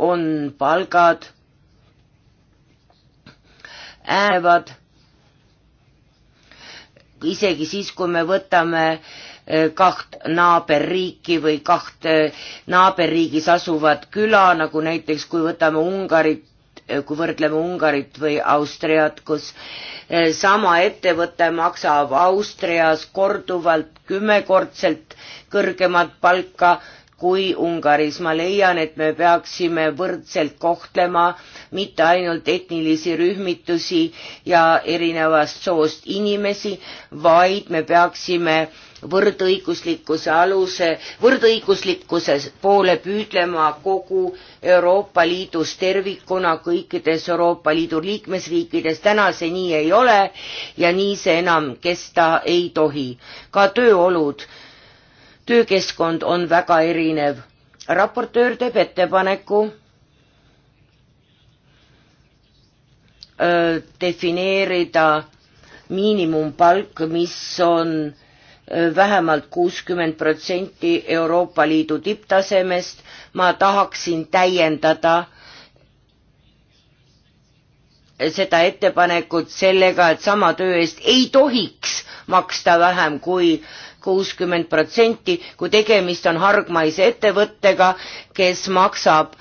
on palgad äänevad isegi siis, kui me võtame eh, kaht naaberriiki või kaht eh, naaberriigis asuvat küla, nagu näiteks kui võtame Ungarit, eh, kui võrdleme Ungarit või Austriat, kus sama ettevõte maksab Austrias korduvalt, kümnekordselt kõrgemat palka kui Ungaris. ma leian, et me peaksime võrdselt kohtlema mitte ainult etnilisi rühmitusi ja erinevast soost inimesi, vaid me peaksime võrdõiguslikkuse aluse, võrdõiguslikkuse poole püüdlema kogu Euroopa Liidus tervikuna kõikides Euroopa Liidu liikmesriikides. täna see nii ei ole ja nii see enam kesta ei tohi. ka tööolud töökeskkond on väga erinev. raportöör teeb ettepaneku öö, defineerida miinimumpalk, mis on vähemalt kuuskümmend protsenti Euroopa Liidu tipptasemest, ma tahaksin täiendada seda ettepanekut sellega, et sama töö eest ei tohiks maksta vähem kui kuuskümmend protsenti, kui tegemist on hargmaise ettevõttega, kes maksab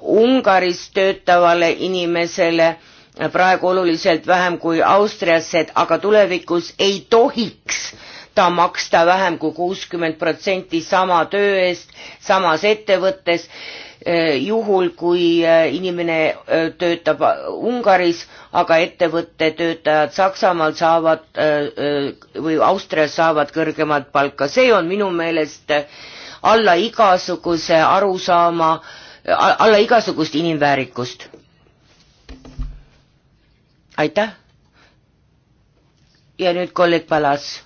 Ungaris töötavale inimesele praegu oluliselt vähem kui Austriasse, aga tulevikus ei tohiks ta maksta vähem kui kuuskümmend protsenti sama töö eest samas ettevõttes Eh, juhul, kui eh, inimene eh, töötab Ungaris, aga ettevõtte töötajad Saksamaal saavad või Austrias saavad kõrgemat palka, see on minu meelest alla igasuguse arusaama, alla igasugust inimväärikust. aitäh. ja nüüd kolleeg Palas.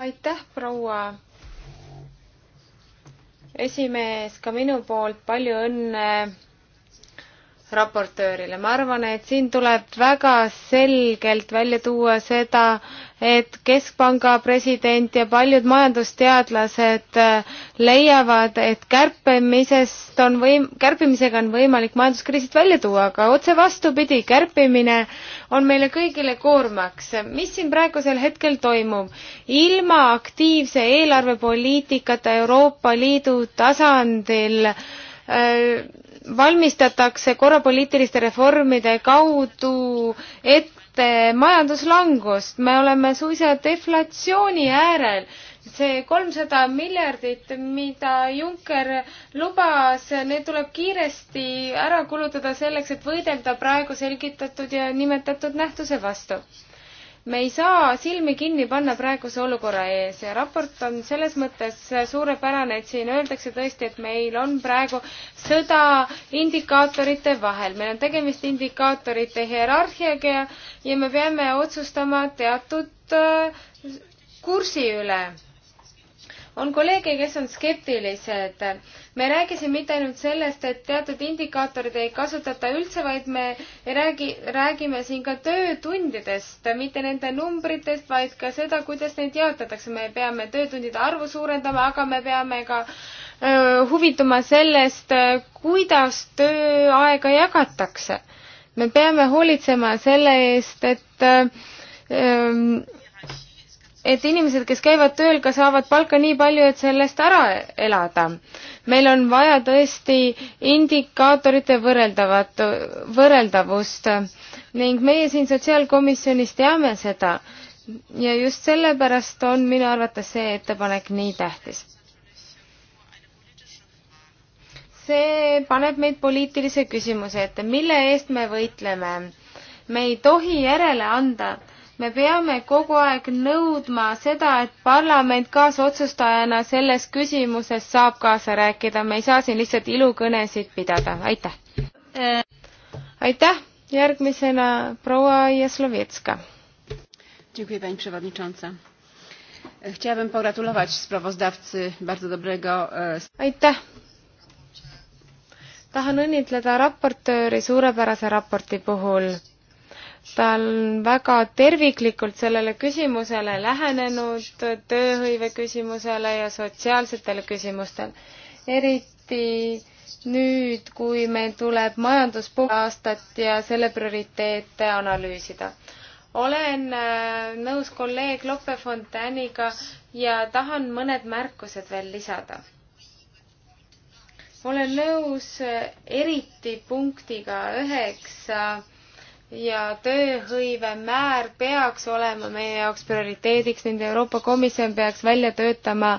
aitäh, proua esimees, ka minu poolt palju õnne raportöörile. ma arvan, et siin tuleb väga selgelt välja tuua seda, et Keskpanga president ja paljud majandusteadlased leiavad, et kärpimisest on võim-, kärpimisega on võimalik majanduskriisist välja tuua, aga otse vastupidi, kärpimine on meile kõigile koormaks. mis siin praegusel hetkel toimub? ilma aktiivse eelarvepoliitikata Euroopa Liidu tasandil öö, äh, valmistatakse korrapoliitiliste reformide kaudu ette majanduslangust, me oleme suisa deflatsiooni äärel. see kolmsada miljardit, mida Juncker lubas, need tuleb kiiresti ära kulutada selleks, et võidelda praegu selgitatud ja nimetatud nähtuse vastu me ei saa silmi kinni panna praeguse olukorra ees ja raport on selles mõttes suurepärane, et siin öeldakse tõesti, et meil on praegu sõda indikaatorite vahel, meil on tegemist indikaatorite hierarhiaga ja, ja me peame otsustama teatud äh, kursi üle. on kolleege, kes on skeptilised me ei räägi siin mitte ainult sellest, et teatud indikaatorid ei kasutata üldse, vaid me räägi, räägime siin ka töötundidest, mitte nende numbritest, vaid ka seda, kuidas neid jaotatakse. me peame töötundide arvu suurendama, aga me peame ka öö, huvituma sellest, kuidas tööaega jagatakse. me peame hoolitsema selle eest, et öö, et inimesed, kes käivad tööl, ka saavad palka nii palju, et sellest ära elada. meil on vaja tõesti indikaatorite võrreldavat, võrreldavust ning meie siin Sotsiaalkomisjonis teame seda ja just sellepärast on minu arvates see ettepanek nii tähtis. see paneb meid poliitilise küsimuse ette, mille eest me võitleme. me ei tohi järele anda me peame kogu aeg nõudma seda, et parlament kaasotsustajana selles küsimuses saab kaasa rääkida, me ei saa siin lihtsalt ilukõnesid pidada, aitäh. aitäh, järgmisena proua Jaslovetska. Pani przewodnicząca! chciałabym pogratulować sprawozdawcy bardzo dobrego e, aitäh tahan õnnitleda raportööri suurepärase raporti puhul ta on väga terviklikult sellele küsimusele lähenenud, tööhõive küsimusele ja sotsiaalsetele küsimustele. eriti nüüd, kui meil tuleb majanduspuhk aastat ja selle prioriteete analüüsida. olen äh, nõus kolleeg Lope Fontaniga ja tahan mõned märkused veel lisada. olen nõus äh, eriti punktiga üheksa 9 ja tööhõive määr peaks olema meie jaoks prioriteediks ning Euroopa Komisjon peaks välja töötama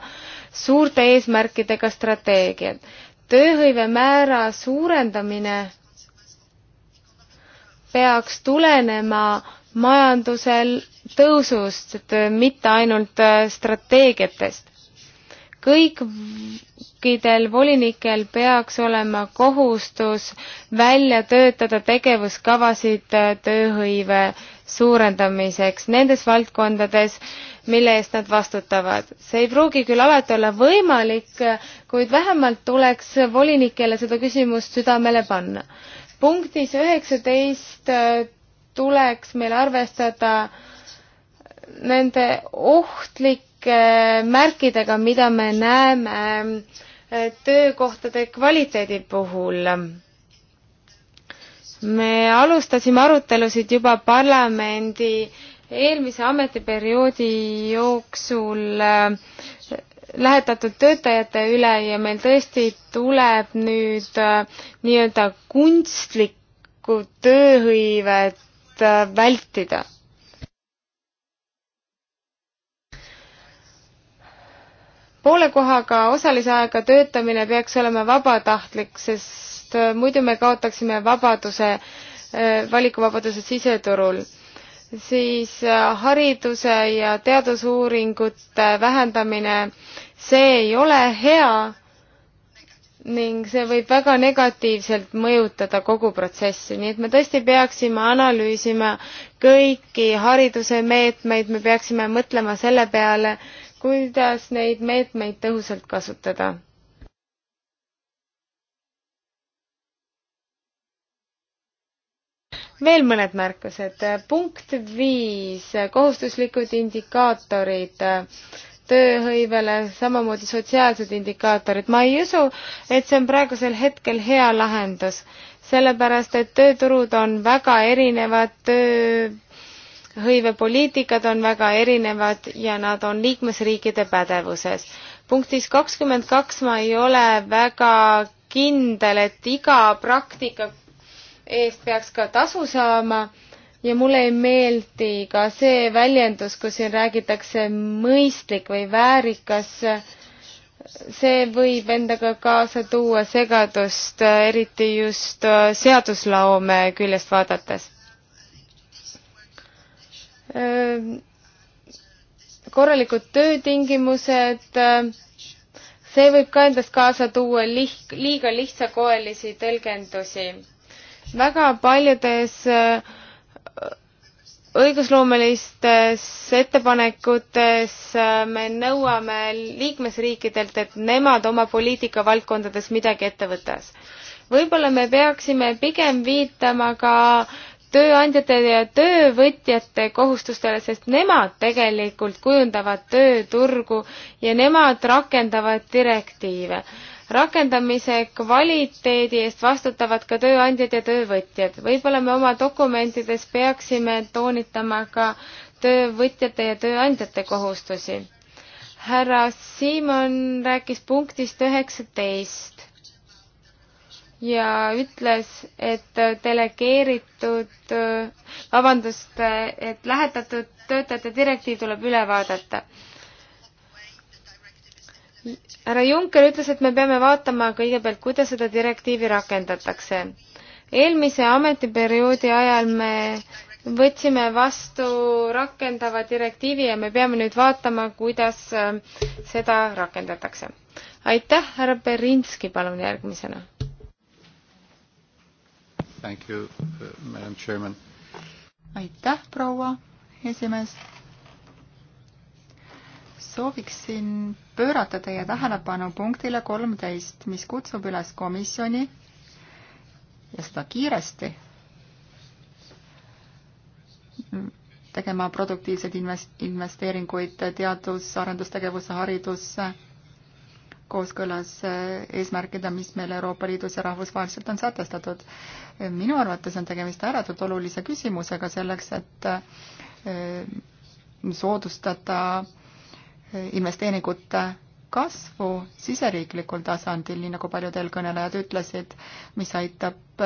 suurte eesmärkidega strateegiad. tööhõive määra suurendamine peaks tulenema majandusel tõusust, mitte ainult äh, strateegiatest kõikidel volinikel peaks olema kohustus välja töötada tegevuskavasid äh, tööhõive suurendamiseks nendes valdkondades, mille eest nad vastutavad. see ei pruugi küll alati olla võimalik, kuid vähemalt tuleks volinikele seda küsimust südamele panna. punktis üheksateist äh, tuleks meil arvestada nende ohtlike Äh, märkidega, mida me näeme äh, töökohtade kvaliteedi puhul. me alustasime arutelusid juba parlamendi eelmise ametiperioodi jooksul äh, lähetatud töötajate üle ja meil tõesti tuleb nüüd nii-öelda kunstlikku tööhõivet vältida poole kohaga osalise ajaga töötamine peaks olema vabatahtlik, sest äh, muidu me kaotaksime vabaduse, äh, valikuvabaduse siseturul. siis äh, hariduse ja teadusuuringute vähendamine, see ei ole hea ning see võib väga negatiivselt mõjutada kogu protsessi, nii et me tõesti peaksime analüüsima kõiki hariduse meetmeid, me peaksime mõtlema selle peale, kuidas neid meetmeid tõhusalt kasutada. veel mõned märkused. punkt viis, kohustuslikud indikaatorid tööhõivele, samamoodi sotsiaalsed indikaatorid. ma ei usu, et see on praegusel hetkel hea lahendus, sellepärast et tööturud on väga erinevad, töö hõivepoliitikad on väga erinevad ja nad on liikmesriikide pädevuses. punktis kakskümmend kaks ma ei ole väga kindel, et iga praktika eest peaks ka tasu saama ja mulle ei meeldi ka see väljendus, kus siin räägitakse mõistlik või väärikas. see võib endaga kaasa tuua segadust, eriti just seadusloome küljest vaadates korralikud töötingimused, see võib ka endast kaasa tuua liht-, liiga lihtsakoelisi tõlgendusi. väga paljudes õigusloomelistes ettepanekutes me nõuame liikmesriikidelt, et nemad oma poliitikavaldkondades midagi ette võtaks. võib-olla me peaksime pigem viitama ka äh, tööandjate ja töövõtjate kohustustele, sest nemad tegelikult kujundavad tööturgu ja nemad rakendavad direktiive. rakendamise kvaliteedi eest vastutavad ka tööandjad ja töövõtjad. võib-olla me oma dokumentides peaksime toonitama ka töövõtjate ja tööandjate kohustusi. härra Siimon rääkis punktist üheksateist ja ütles, et delegeeritud, vabandust, et lähetatud töötajate direktiiv tuleb üle vaadata. härra Juncker ütles, et me peame vaatama kõigepealt, kuidas seda direktiivi rakendatakse. eelmise ametiperioodi ajal me võtsime vastu rakendava direktiivi ja me peame nüüd vaatama, kuidas äh, seda rakendatakse. aitäh, härra Berinski, palun järgmisena Thank you, uh, madam chairman. aitäh, proua esimees. sooviksin pöörata teie tähelepanu punktile kolmteist, mis kutsub üles komisjoni ja seda kiiresti tegema produktiivseid investeeringuid teadus-arendustegevuse haridusse kooskõlas eh, eesmärkida, mis meil Euroopa Liidus ja rahvusvaheliselt on sätestatud. minu arvates on tegemist ääretult olulise küsimusega selleks, et eh, soodustada eh, investeeringute kasvu siseriiklikul tasandil, nii nagu paljud eelkõnelejad ütlesid, mis aitab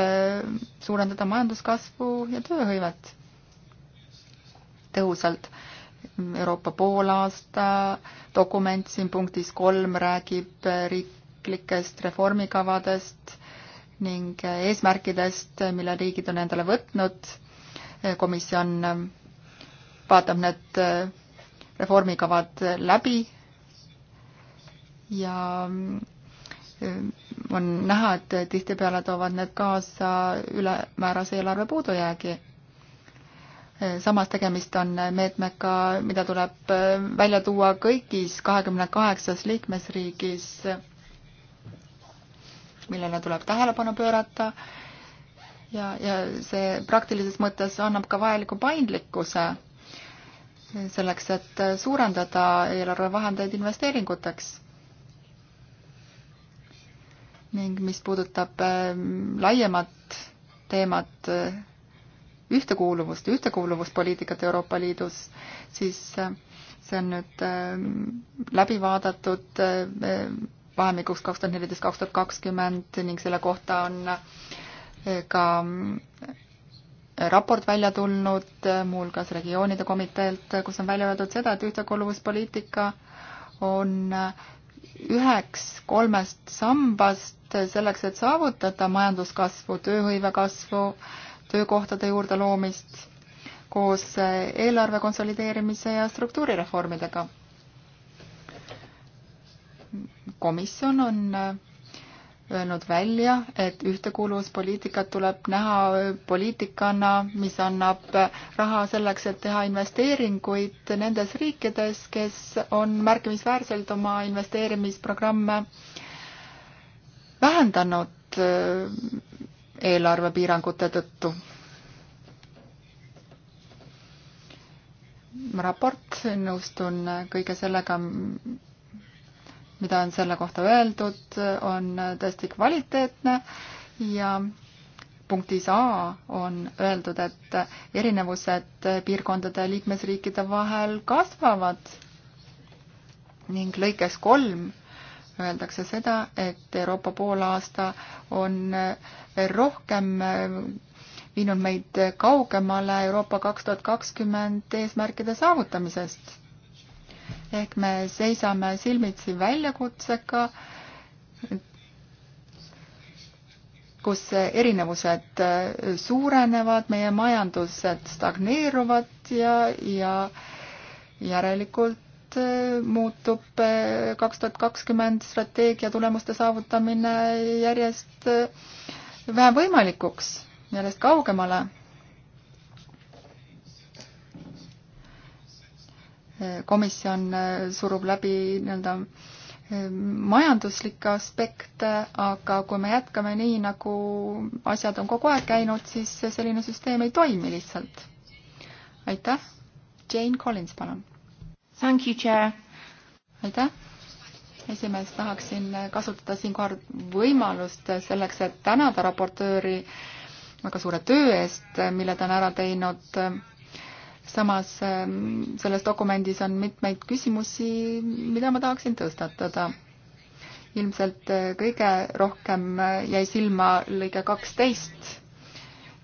suurendada majanduskasvu ja tööhõivet tõhusalt Euroopa poolaasta dokument siin punktis kolm räägib riiklikest reformikavadest ning eesmärkidest, mille riigid on endale võtnud. komisjon vaatab need reformikavad läbi ja on näha, et tihtipeale toovad need kaasa ülemäärase eelarve puudujäägi samas tegemist on meetmega, mida tuleb äh, välja tuua kõigis kahekümne kaheksas liikmesriigis, millele tuleb tähelepanu pöörata ja, ja see praktilises mõttes annab ka vajaliku paindlikkuse selleks, et suurendada eelarvevahendeid investeeringuteks. ning mis puudutab äh, laiemat teemat, ühtekuuluvust, ühtekuuluvuspoliitikat Euroopa Liidus, siis äh, see on nüüd äh, läbi vaadatud äh, vahemikuks kaks tuhat neliteist, kaks tuhat kakskümmend ning selle kohta on ka raport välja tulnud, muuhulgas regioonide komiteelt, kus on välja öeldud seda, et ühtekuuluvuspoliitika on üheks kolmest sambast selleks, et saavutada majanduskasvu, tööhõive kasvu, kasvu töökohtade juurde loomist koos äh, eelarve konsolideerimise ja struktuurireformidega. komisjon on äh, öelnud välja, et ühtekuuluvuspoliitikat tuleb näha äh, poliitikana, mis annab raha selleks, et teha investeeringuid nendes riikides, kes on märkimisväärselt oma investeerimisprogramme vähendanud eelarvepiirangute tõttu. raport, nõustun kõige sellega, mida on selle kohta öeldud, on tõesti kvaliteetne ja punktis A on öeldud, et erinevused piirkondade ja liikmesriikide vahel kasvavad ning lõikes kolm öeldakse seda, et Euroopa poolaasta on äh, rohkem äh, viinud meid kaugemale Euroopa kaks tuhat kakskümmend eesmärkide saavutamisest. ehk me seisame silmitsi väljakutsega, kus erinevused äh, suurenevad, meie majandused stagneeruvad ja, ja järelikult Eh, muutub eh, kaks tuhat kakskümmend strateegia tulemuste saavutamine järjest eh, vähem võimalikuks, järjest kaugemale. komisjon surub läbi nii-öelda majanduslikke aspekte, aga kui me jätkame nii, nagu asjad on kogu aeg käinud, siis selline süsteem ei toimi lihtsalt. aitäh, Jane Collins, palun Thank you, Chair. aitäh. esimees, tahaksin kasutada siinkohal võimalust selleks, et tänada raportööri väga suure töö eest, mille ta on ära teinud. samas ähm, selles dokumendis on mitmeid küsimusi, mida ma tahaksin tõstatada. ilmselt äh, kõige rohkem äh, jäi silma lõige kaksteist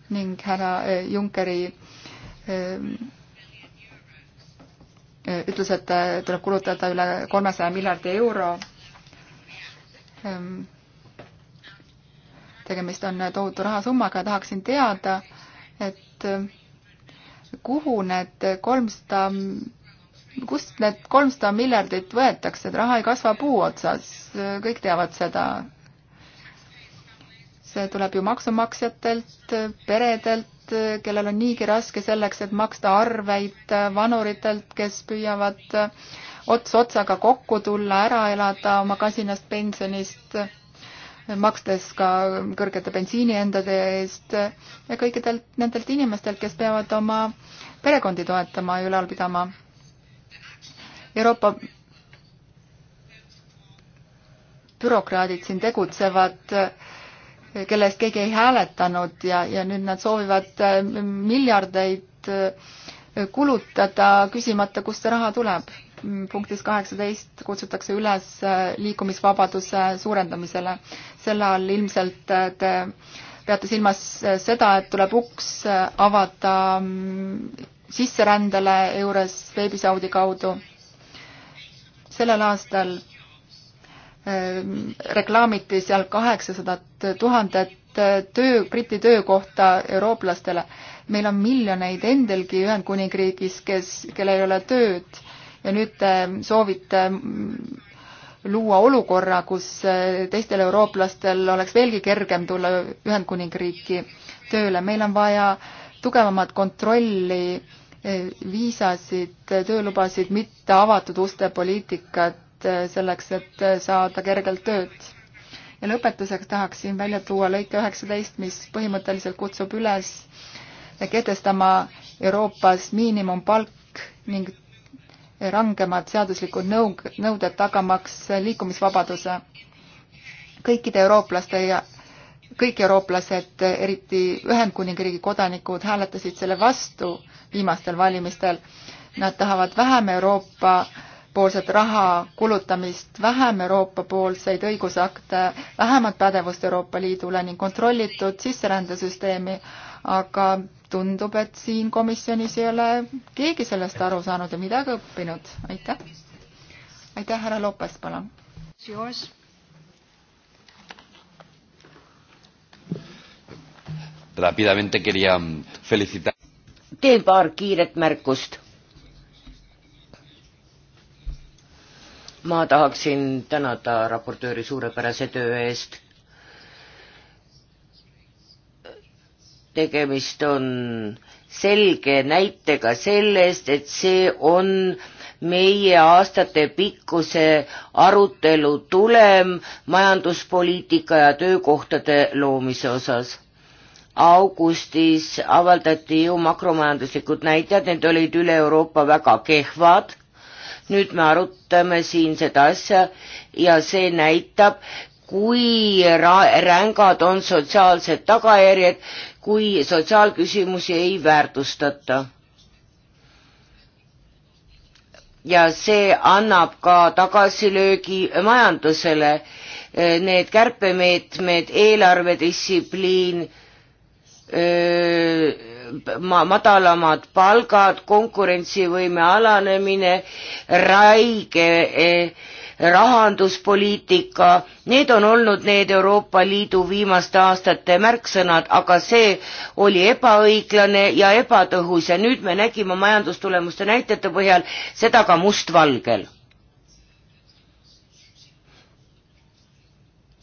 ning härra äh, Junckeri ähm, ütles, et äh, tuleb kulutada üle kolmesaja miljardi euro. Ehm, tegemist on äh, tohutu rahasummaga ja tahaksin teada, et äh, kuhu need kolmsada, kust need kolmsada miljardit võetakse, et raha ei kasva puu otsas, kõik teavad seda. see tuleb ju maksumaksjatelt, peredelt, inimesed, kellel on niigi raske selleks, et maksta arveid, vanuritelt, kes püüavad ots otsaga kokku tulla, ära elada oma kasinast pensionist, makstes ka kõrgete bensiiniendade eest ja kõikidelt nendelt inimestelt, kes peavad oma perekondi toetama ja ülal pidama. Euroopa bürokraadid siin tegutsevad äh, kelle eest keegi ei hääletanud ja, ja nüüd nad soovivad äh, miljardeid äh, kulutada, küsimata, kust see raha tuleb. punktis kaheksateist kutsutakse üles äh, liikumisvabaduse suurendamisele. selle all ilmselt te peate silmas seda, et tuleb uks avada mm, sisserändele EURES veebisaudi kaudu. sellel aastal reklaamiti seal kaheksasadat tuhandet töö, Briti töökohta eurooplastele. meil on miljoneid endilgi Ühendkuningriigis, kes, kellel ei ole tööd ja nüüd te soovite luua olukorra, kus teistel eurooplastel oleks veelgi kergem tulla Ühendkuningriiki tööle. meil on vaja tugevamat kontrolli viisasid, töölubasid, mitte avatud uste poliitikat, Äh, selleks, et äh, saada kergelt tööd. ja lõpetuseks tahaksin välja tuua lõike üheksateist, mis põhimõtteliselt kutsub üles äh, kehtestama Euroopas miinimumpalk ning rangemad seaduslikud nõu-, nõuded tagamaks liikumisvabaduse. kõikide eurooplaste ja kõik eurooplased, eriti Ühendkuningriigi kodanikud, hääletasid selle vastu viimastel valimistel. Nad tahavad vähem Euroopa äh, poolset raha kulutamist, vähem Euroopa-poolseid õigusakte, vähemat pädevust Euroopa Liidule ning kontrollitud sisserändesüsteemi, aga tundub, et siin komisjonis ei ole keegi sellest aru saanud ja midagi õppinud. aitäh. aitäh, härra Lopes, palun. Rapidamente quería felicitar teen paar kiiret märkust. ma tahaksin tänada raportööri suurepärase töö eest. tegemist on selge näitega sellest, et see on meie aastatepikkuse arutelu tulem majanduspoliitika ja töökohtade loomise osas. augustis avaldati ju makromajanduslikud näitajad, need olid üle Euroopa väga kehvad nüüd me arutame siin seda asja ja see näitab, kui rängad on sotsiaalsed tagajärjed, kui sotsiaalküsimusi ei väärtustata. ja see annab ka tagasilöögi majandusele. Need kärpemeetmed, eelarvedistsipliin, ma-, madalamad palgad, konkurentsivõime alanemine, räige eh, rahanduspoliitika, need on olnud need Euroopa Liidu viimaste aastate märksõnad, aga see oli ebaõiglane ja ebatõhus ja nüüd me nägime majandustulemuste näitajate põhjal seda ka mustvalgel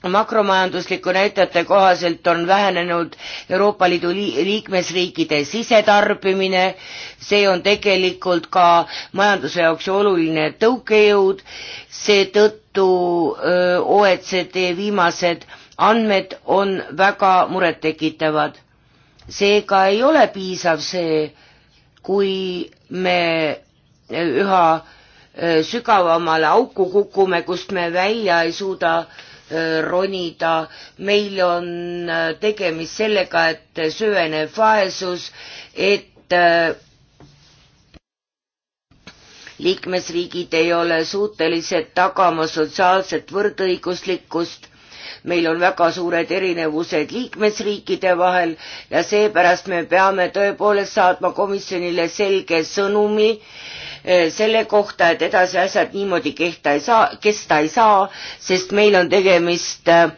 makromajandusliku näitajate kohaselt on vähenenud Euroopa Liidu liikmesriikide sisetarbimine, see on tegelikult ka majanduse jaoks oluline tõukejõud, seetõttu OECD viimased andmed on väga murettekitavad. seega ei ole piisav see, kui me üha sügavamale auku kukume, kust me välja ei suuda äh, Äh, ronida, meil on äh, tegemist sellega, et süveneb vaesus, et äh, liikmesriigid ei ole suutelised tagama sotsiaalset võrdõiguslikkust, meil on väga suured erinevused liikmesriikide vahel ja seepärast me peame tõepoolest saatma komisjonile selge sõnumi, Äh, selle kohta, et edasi asjad niimoodi kehta ei saa, kesta ei saa, sest meil on tegemist äh,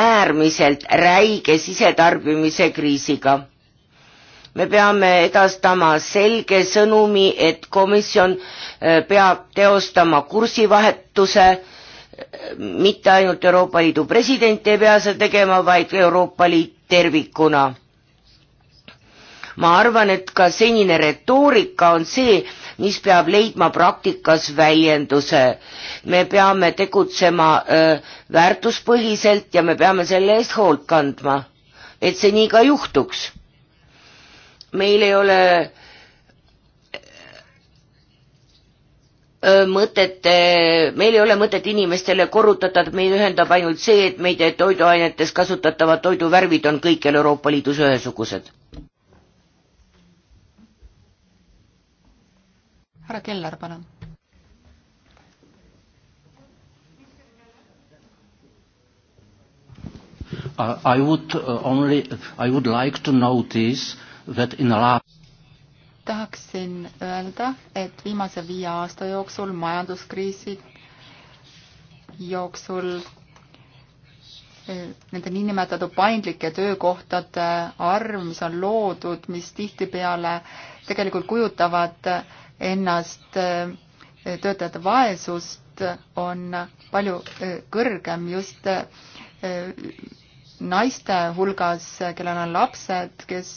äärmiselt räige sisetarbimise kriisiga. me peame edastama selge sõnumi, et komisjon äh, peab teostama kursivahetuse mitte ainult Euroopa Liidu president ei pea seda tegema, vaid Euroopa Liit tervikuna ma arvan, et ka senine retoorika on see, mis peab leidma praktikas väljenduse. me peame tegutsema öö, väärtuspõhiselt ja me peame selle eest hoolt kandma, et see nii ka juhtuks. meil ei ole mõtet, meil ei ole mõtet inimestele korrutada, et meid ühendab ainult see, et meid toiduainetes kasutatavad toiduvärvid on kõikjal Euroopa Liidus ühesugused härra Keller, palun. Uh, I would uh, only, I would like to notice that in last tahaksin öelda, et viimase viie aasta jooksul majanduskriisi jooksul eh, nende niinimetatud paindlike töökohtade arv, mis on loodud, mis tihtipeale tegelikult kujutavad äh, ennast eh, töötajate vaesust on palju eh, kõrgem just eh, naiste hulgas, kellel on lapsed, kes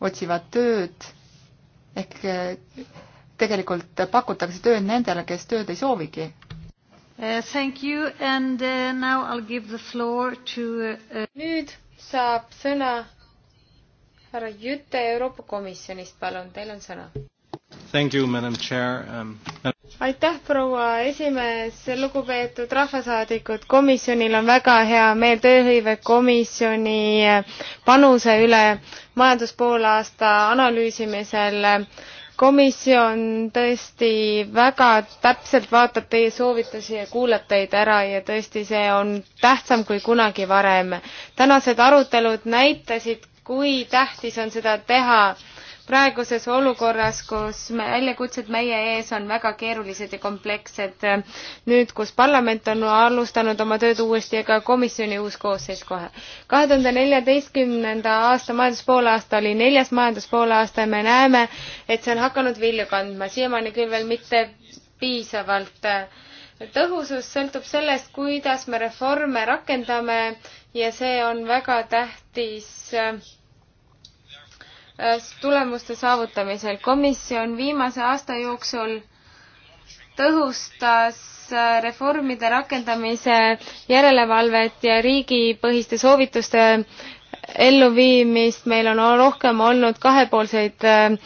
otsivad tööd, ehk tegelikult pakutakse tööd nendele, kes tööd ei soovigi. Thank you and now I will give the floor to nüüd saab sõna härra Jüte Euroopa Komisjonist, palun, teil on sõna You, um... aitäh, proua esimees, lugupeetud rahvasaadikud, komisjonil on väga hea meel tööhõivekomisjoni panuse üle majanduspoolaasta analüüsimisel. komisjon tõesti väga täpselt vaatab teie soovitusi ja kuulab teid ära ja tõesti, see on tähtsam kui kunagi varem. tänased arutelud näitasid, kui tähtis on seda teha praeguses olukorras, kus me väljakutsed meie ees on väga keerulised ja komplekssed, nüüd, kus parlament on alustanud oma tööd uuesti ja ka komisjoni uus koosseis kohe. kahe tuhande neljateistkümnenda aasta majanduspoolaasta oli neljas majanduspoolaasta ja me näeme, et see on hakanud vilju kandma, siiamaani küll veel mitte piisavalt tõhusus sõltub sellest, kuidas me reforme rakendame ja see on väga tähtis Äh, tulemuste saavutamisel. komisjon viimase aasta jooksul tõhustas äh, reformide rakendamise järelevalvet ja riigipõhiste soovituste elluviimist. meil on rohkem olnud kahepoolseid äh,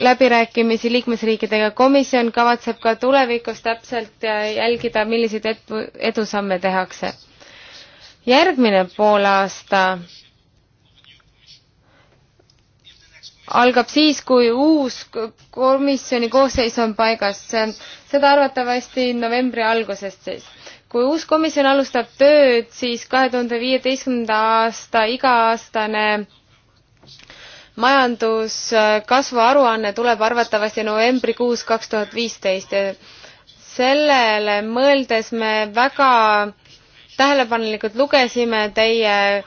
läbirääkimisi liikmesriikidega. komisjon kavatseb ka tulevikus täpselt jälgida, milliseid edu, edusamme tehakse. järgmine poolaasta algab siis, kui uus komisjoni koosseis on paigas, seda arvatavasti novembri algusest siis. kui uus komisjon alustab tööd, siis kahe tuhande viieteistkümnenda aasta iga-aastane majanduskasvu aruanne tuleb arvatavasti novembrikuus kaks tuhat viisteist ja sellele mõeldes me väga tähelepanelikult lugesime teie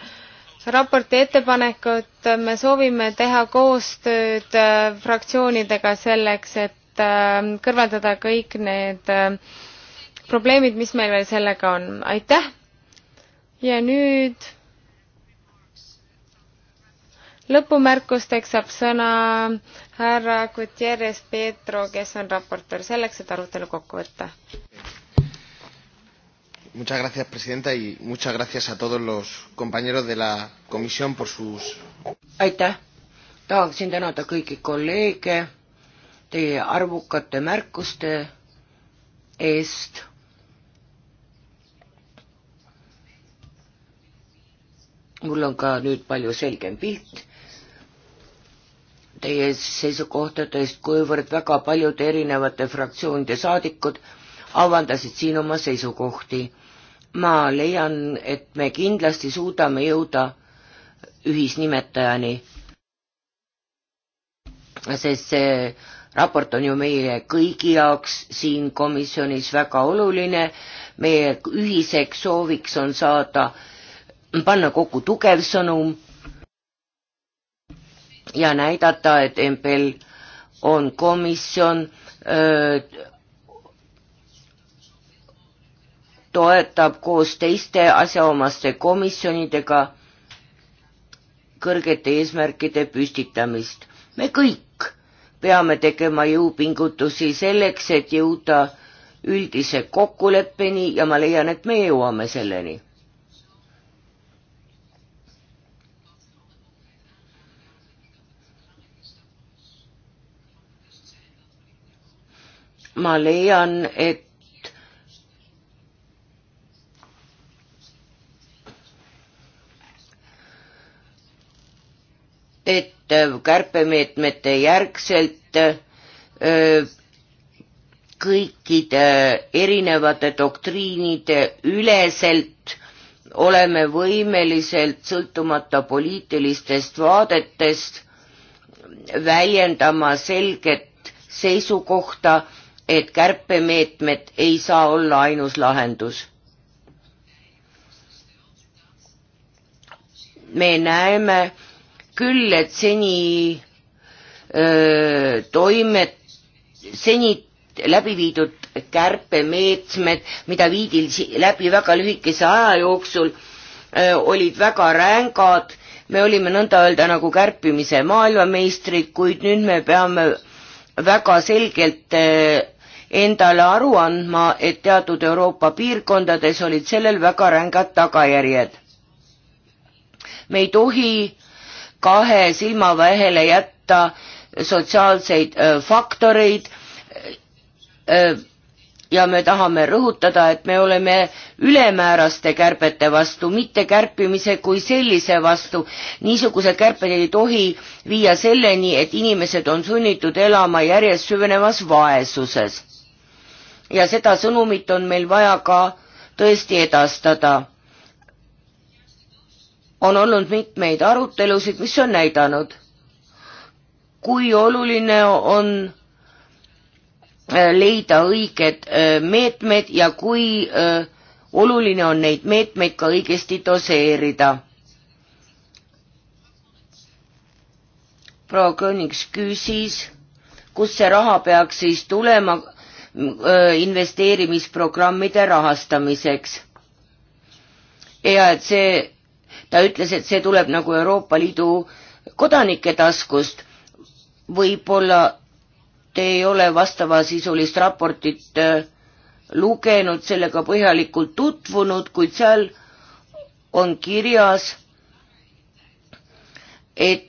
raporti ettepanekut poolt me soovime teha koostööd äh, fraktsioonidega selleks, et äh, kõrvaldada kõik need äh, probleemid, mis meil veel sellega on. aitäh! ja nüüd lõpumärkusteks saab sõna härra Gutierrez Pietro, kes on raportöör, selleks, et arutelu kokku võtta. Muchas gracias, presidenta, y muchas gracias a todos los compañeros de la comisión por sus... aitäh, tahaksin tänada kõiki kolleege teie arvukate märkuste eest. mul on ka nüüd palju selgem pilt teie seisukohtadest, kuivõrd väga paljude erinevate fraktsioonide saadikud avaldasid siin oma seisukohti ma leian, et me kindlasti suudame jõuda ühisnimetajani, sest see raport on ju meie kõigi jaoks siin komisjonis väga oluline, meie ühiseks sooviks on saada, panna kokku tugev sõnum ja näidata, et MPL on komisjon, toetab koos teiste asjaomaste komisjonidega kõrgete eesmärkide püstitamist. me kõik peame tegema jõupingutusi selleks, et jõuda üldise kokkuleppeni ja ma leian, et me jõuame selleni. ma leian, et et äh, kärpemeetmete järgselt äh, kõikide erinevate doktriinide üleselt oleme võimeliselt sõltumata poliitilistest vaadetest väljendama selget seisukohta, et kärpemeetmed ei saa olla ainus lahendus. me näeme, küll, et seni öö, toimet, seni läbi viidud kärpemeetmed, mida viidi läbi väga lühikese aja jooksul, olid väga rängad, me olime nõnda öelda nagu kärpimise maailmameistrid, kuid nüüd me peame väga selgelt endale aru andma, et teatud Euroopa piirkondades olid sellel väga rängad tagajärjed. me ei tohi kahe silma vahele jätta sotsiaalseid faktoreid ja me tahame rõhutada, et me oleme ülemääraste kärbete vastu, mitte kärpimise kui sellise vastu. niisugused kärped ei tohi viia selleni, et inimesed on sunnitud elama järjest süvenevas vaesuses. ja seda sõnumit on meil vaja ka tõesti edastada on olnud mitmeid arutelusid, mis on näidanud, kui oluline on äh, leida õiged äh, meetmed ja kui äh, oluline on neid meetmeid ka õigesti doseerida. proua Königs küsis, kus see raha peaks siis tulema investeerimisprogrammide rahastamiseks ja et see ta ütles, et see tuleb nagu Euroopa Liidu kodanike taskust. võib-olla te ei ole vastavasisulist raportit äh, lugenud, sellega põhjalikult tutvunud, kuid seal on kirjas, et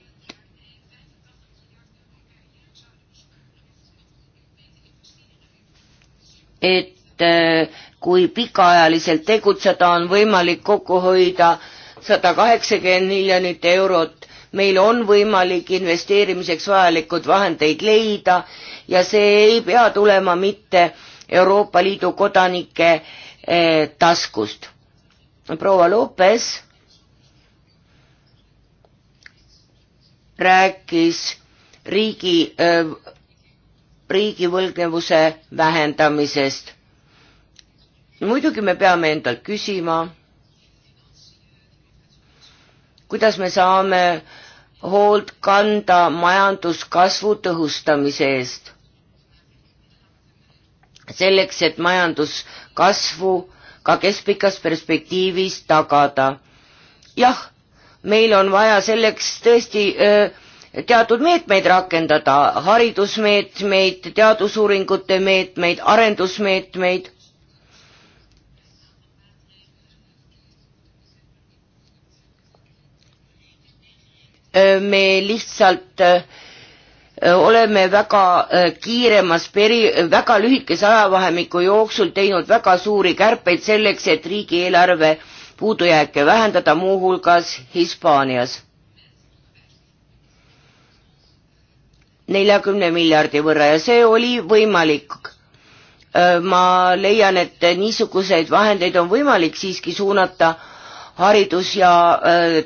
et äh, kui pikaajaliselt tegutseda, on võimalik kokku hoida sada kaheksakümmend miljonit eurot. meil on võimalik investeerimiseks vajalikud vahendeid leida ja see ei pea tulema mitte Euroopa Liidu kodanike eh, taskust. proua Lopes rääkis riigi, eh, riigivõlgnevuse vähendamisest. muidugi me peame endalt küsima kuidas me saame hoolt kanda majanduskasvu tõhustamise eest. selleks, et majanduskasvu ka keskpikas perspektiivis tagada. jah, meil on vaja selleks tõesti öö, teatud meetmeid rakendada, haridusmeetmeid, teadusuuringute meetmeid, arendusmeetmeid Äh, me lihtsalt äh, äh, oleme väga kiiremas peri-, väga lühikese ajavahemiku jooksul teinud väga suuri kärpeid selleks, et riigieelarve puudujääke vähendada, muuhulgas Hispaanias. neljakümne miljardi võrra ja see oli võimalik. ma leian, et niisuguseid vahendeid on võimalik siiski suunata haridus- ja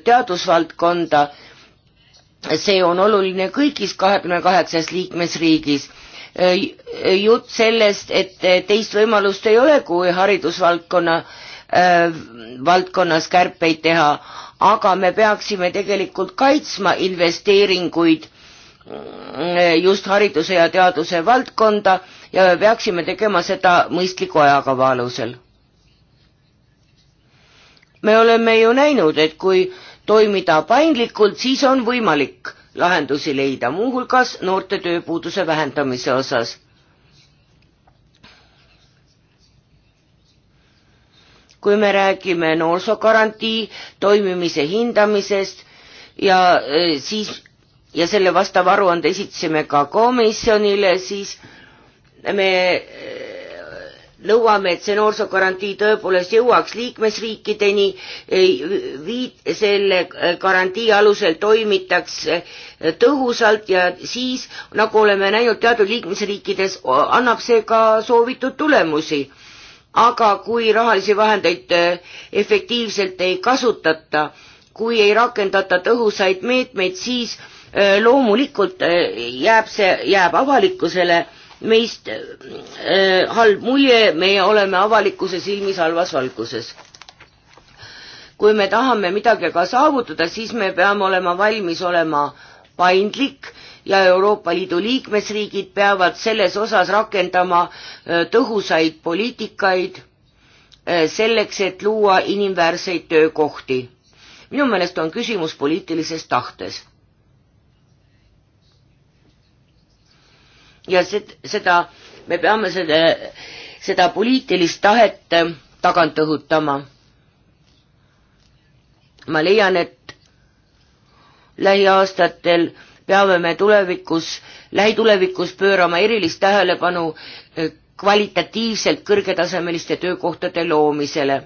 teadusvaldkonda see on oluline kõigis kahekümne kaheksas liikmesriigis. Äh, jutt sellest, et teist võimalust ei ole, kui haridusvaldkonna äh,, valdkonnas kärpeid teha, aga me peaksime tegelikult kaitsma investeeringuid äh, just hariduse ja teaduse valdkonda ja me peaksime tegema seda mõistliku ajakava alusel. me oleme ju näinud, et kui äh, toimida paindlikult, siis on võimalik lahendusi leida, muuhulgas noorte tööpuuduse vähendamise osas. kui me räägime noorsoogarantii toimimise hindamisest ja e, siis ja selle vastava aruande esitasime ka komisjonile, siis me e, nõuame, et see noorsoogarantii tõepoolest jõuaks liikmesriikideni, viit-, selle garantii alusel toimitaks tõhusalt ja siis, nagu oleme näinud teatud liikmesriikides, annab see ka soovitud tulemusi. aga kui rahalisi vahendeid äh, efektiivselt ei kasutata, kui ei rakendata tõhusaid meetmeid, siis äh, loomulikult äh, jääb see, jääb avalikkusele meist äh, halb mulje, meie oleme avalikkuse silmis halvas valguses. kui me tahame midagi aga saavutada, siis me peame olema valmis olema paindlik ja Euroopa Liidu liikmesriigid peavad selles osas rakendama äh, tõhusaid poliitikaid äh, selleks, et luua inimväärseid töökohti. minu meelest on küsimus poliitilises tahtes ja seda, me peame selle, seda poliitilist tahet ähm, tagant õhutama. ma leian, et lähiaastatel peame me tulevikus, lähitulevikus pöörama erilist tähelepanu äh, kvalitatiivselt kõrgetasemeliste töökohtade loomisele.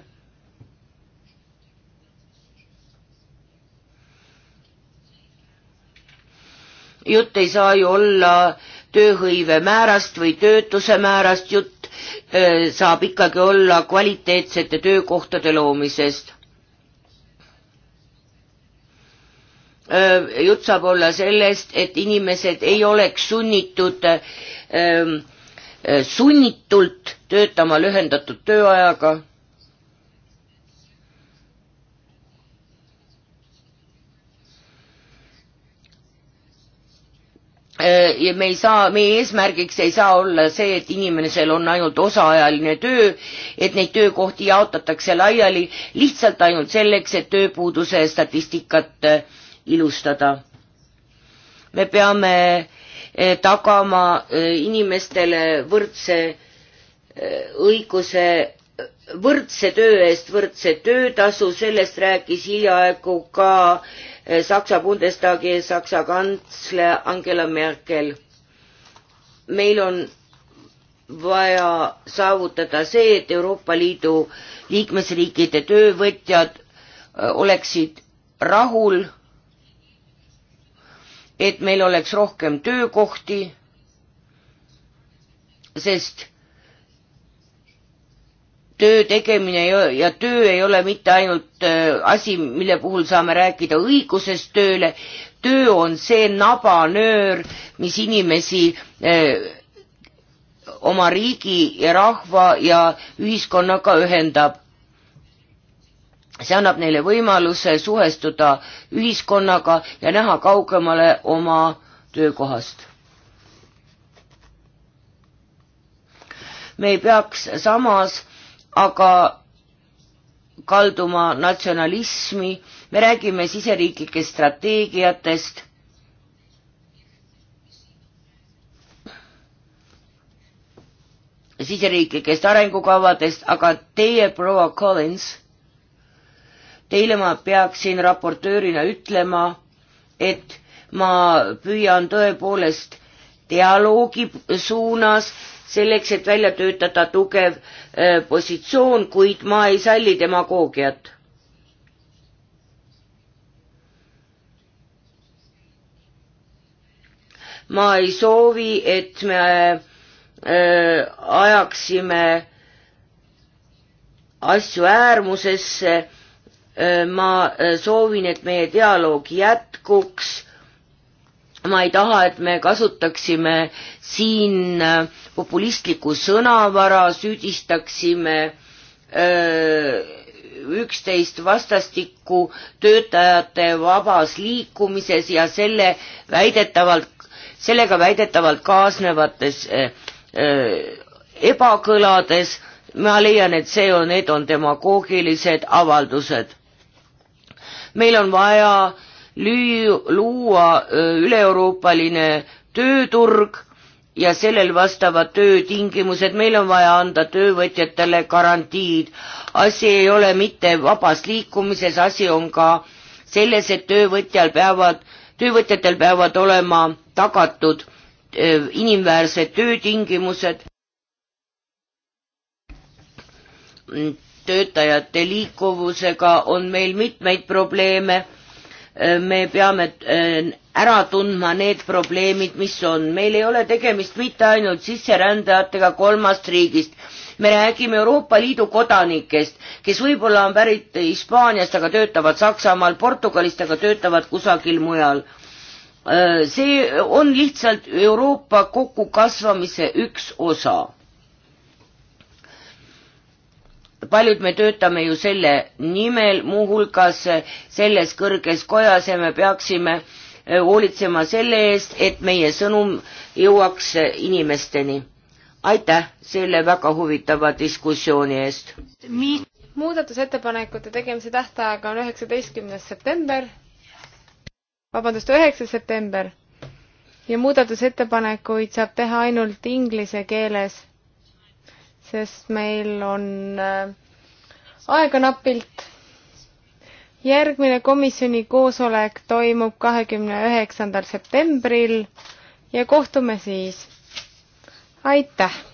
jutt ei saa ju olla äh, tööhõive määrast või töötuse määrast jutt saab ikkagi olla kvaliteetsete töökohtade loomisest. jutt saab olla sellest, et inimesed ei oleks sunnitud, sunnitult töötama lühendatud tööajaga Äh, ja me ei saa, meie eesmärgiks ei saa olla see, et inimesel on ainult osaajaline töö, et neid töökohti jaotatakse laiali lihtsalt ainult selleks, et tööpuuduse statistikat äh, ilustada. me peame äh, tagama inimestele võrdse õiguse võrdse töö eest võrdse töötasu, sellest rääkis hiljaaegu ka eh, Saksa Bundestagi ja Saksa kantsler Angela Merkel. meil on vaja saavutada see, et Euroopa Liidu liikmesriikide töövõtjad eh, oleksid rahul, et meil oleks rohkem töökohti, sest töö tegemine ja töö ei ole mitte ainult äh, asi, mille puhul saame rääkida õigusest tööle, töö on see nabanöör, mis inimesi äh, oma riigi ja rahva ja ühiskonnaga ühendab. see annab neile võimaluse suhestuda ühiskonnaga ja näha kaugemale oma töökohast. me ei peaks samas aga kalduma natsionalismi, me räägime siseriiklikest strateegiatest. siseriiklikest arengukavadest, aga teie, proua Collins, teile ma peaksin raportöörina ütlema, et ma püüan tõepoolest dialoogi suunas, selleks, et välja töötada tugev äh, positsioon, kuid ma ei salli demagoogiat. ma ei soovi, et me äh, ajaksime asju äärmusesse, äh, ma soovin, et meie dialoog jätkuks ma ei taha, et me kasutaksime siin äh, populistlikku sõnavara, süüdistaksime öö, äh, üksteist vastastikku töötajate vabas liikumises ja selle väidetavalt, sellega väidetavalt kaasnevates öö, äh, ebakõlades, ma leian, et see on, need on demagoogilised avaldused. meil on vaja lüü-, luua üle-euroopaline tööturg ja sellel vastavad töötingimused, meil on vaja anda töövõtjatele garantiid. asi ei ole mitte vabas liikumises, asi on ka selles, et töövõtjal peavad, töövõtjatel peavad olema tagatud inimväärsed töötingimused, töötajate liikuvusega on meil mitmeid probleeme me peame äh, ära tundma need probleemid, mis on. meil ei ole tegemist mitte ainult sisserändajatega kolmast riigist, me räägime Euroopa Liidu kodanikest, kes võib-olla on pärit Hispaaniast, aga töötavad Saksamaal, Portugalist, aga töötavad kusagil mujal. Äh, see on lihtsalt Euroopa kokkukasvamise üks osa paljud me töötame ju selle nimel, muuhulgas selles kõrges kojas ja me peaksime äh, hoolitsema selle eest, et meie sõnum jõuaks äh, inimesteni. aitäh selle väga huvitava diskussiooni eest. muudatusettepanekute tegemise tähtaeg on üheksateistkümnes september, vabandust, üheksas september ja muudatusettepanekuid saab teha ainult inglise keeles sest meil on äh, aega napilt. järgmine komisjoni koosolek toimub kahekümne üheksandal septembril ja kohtume siis. aitäh!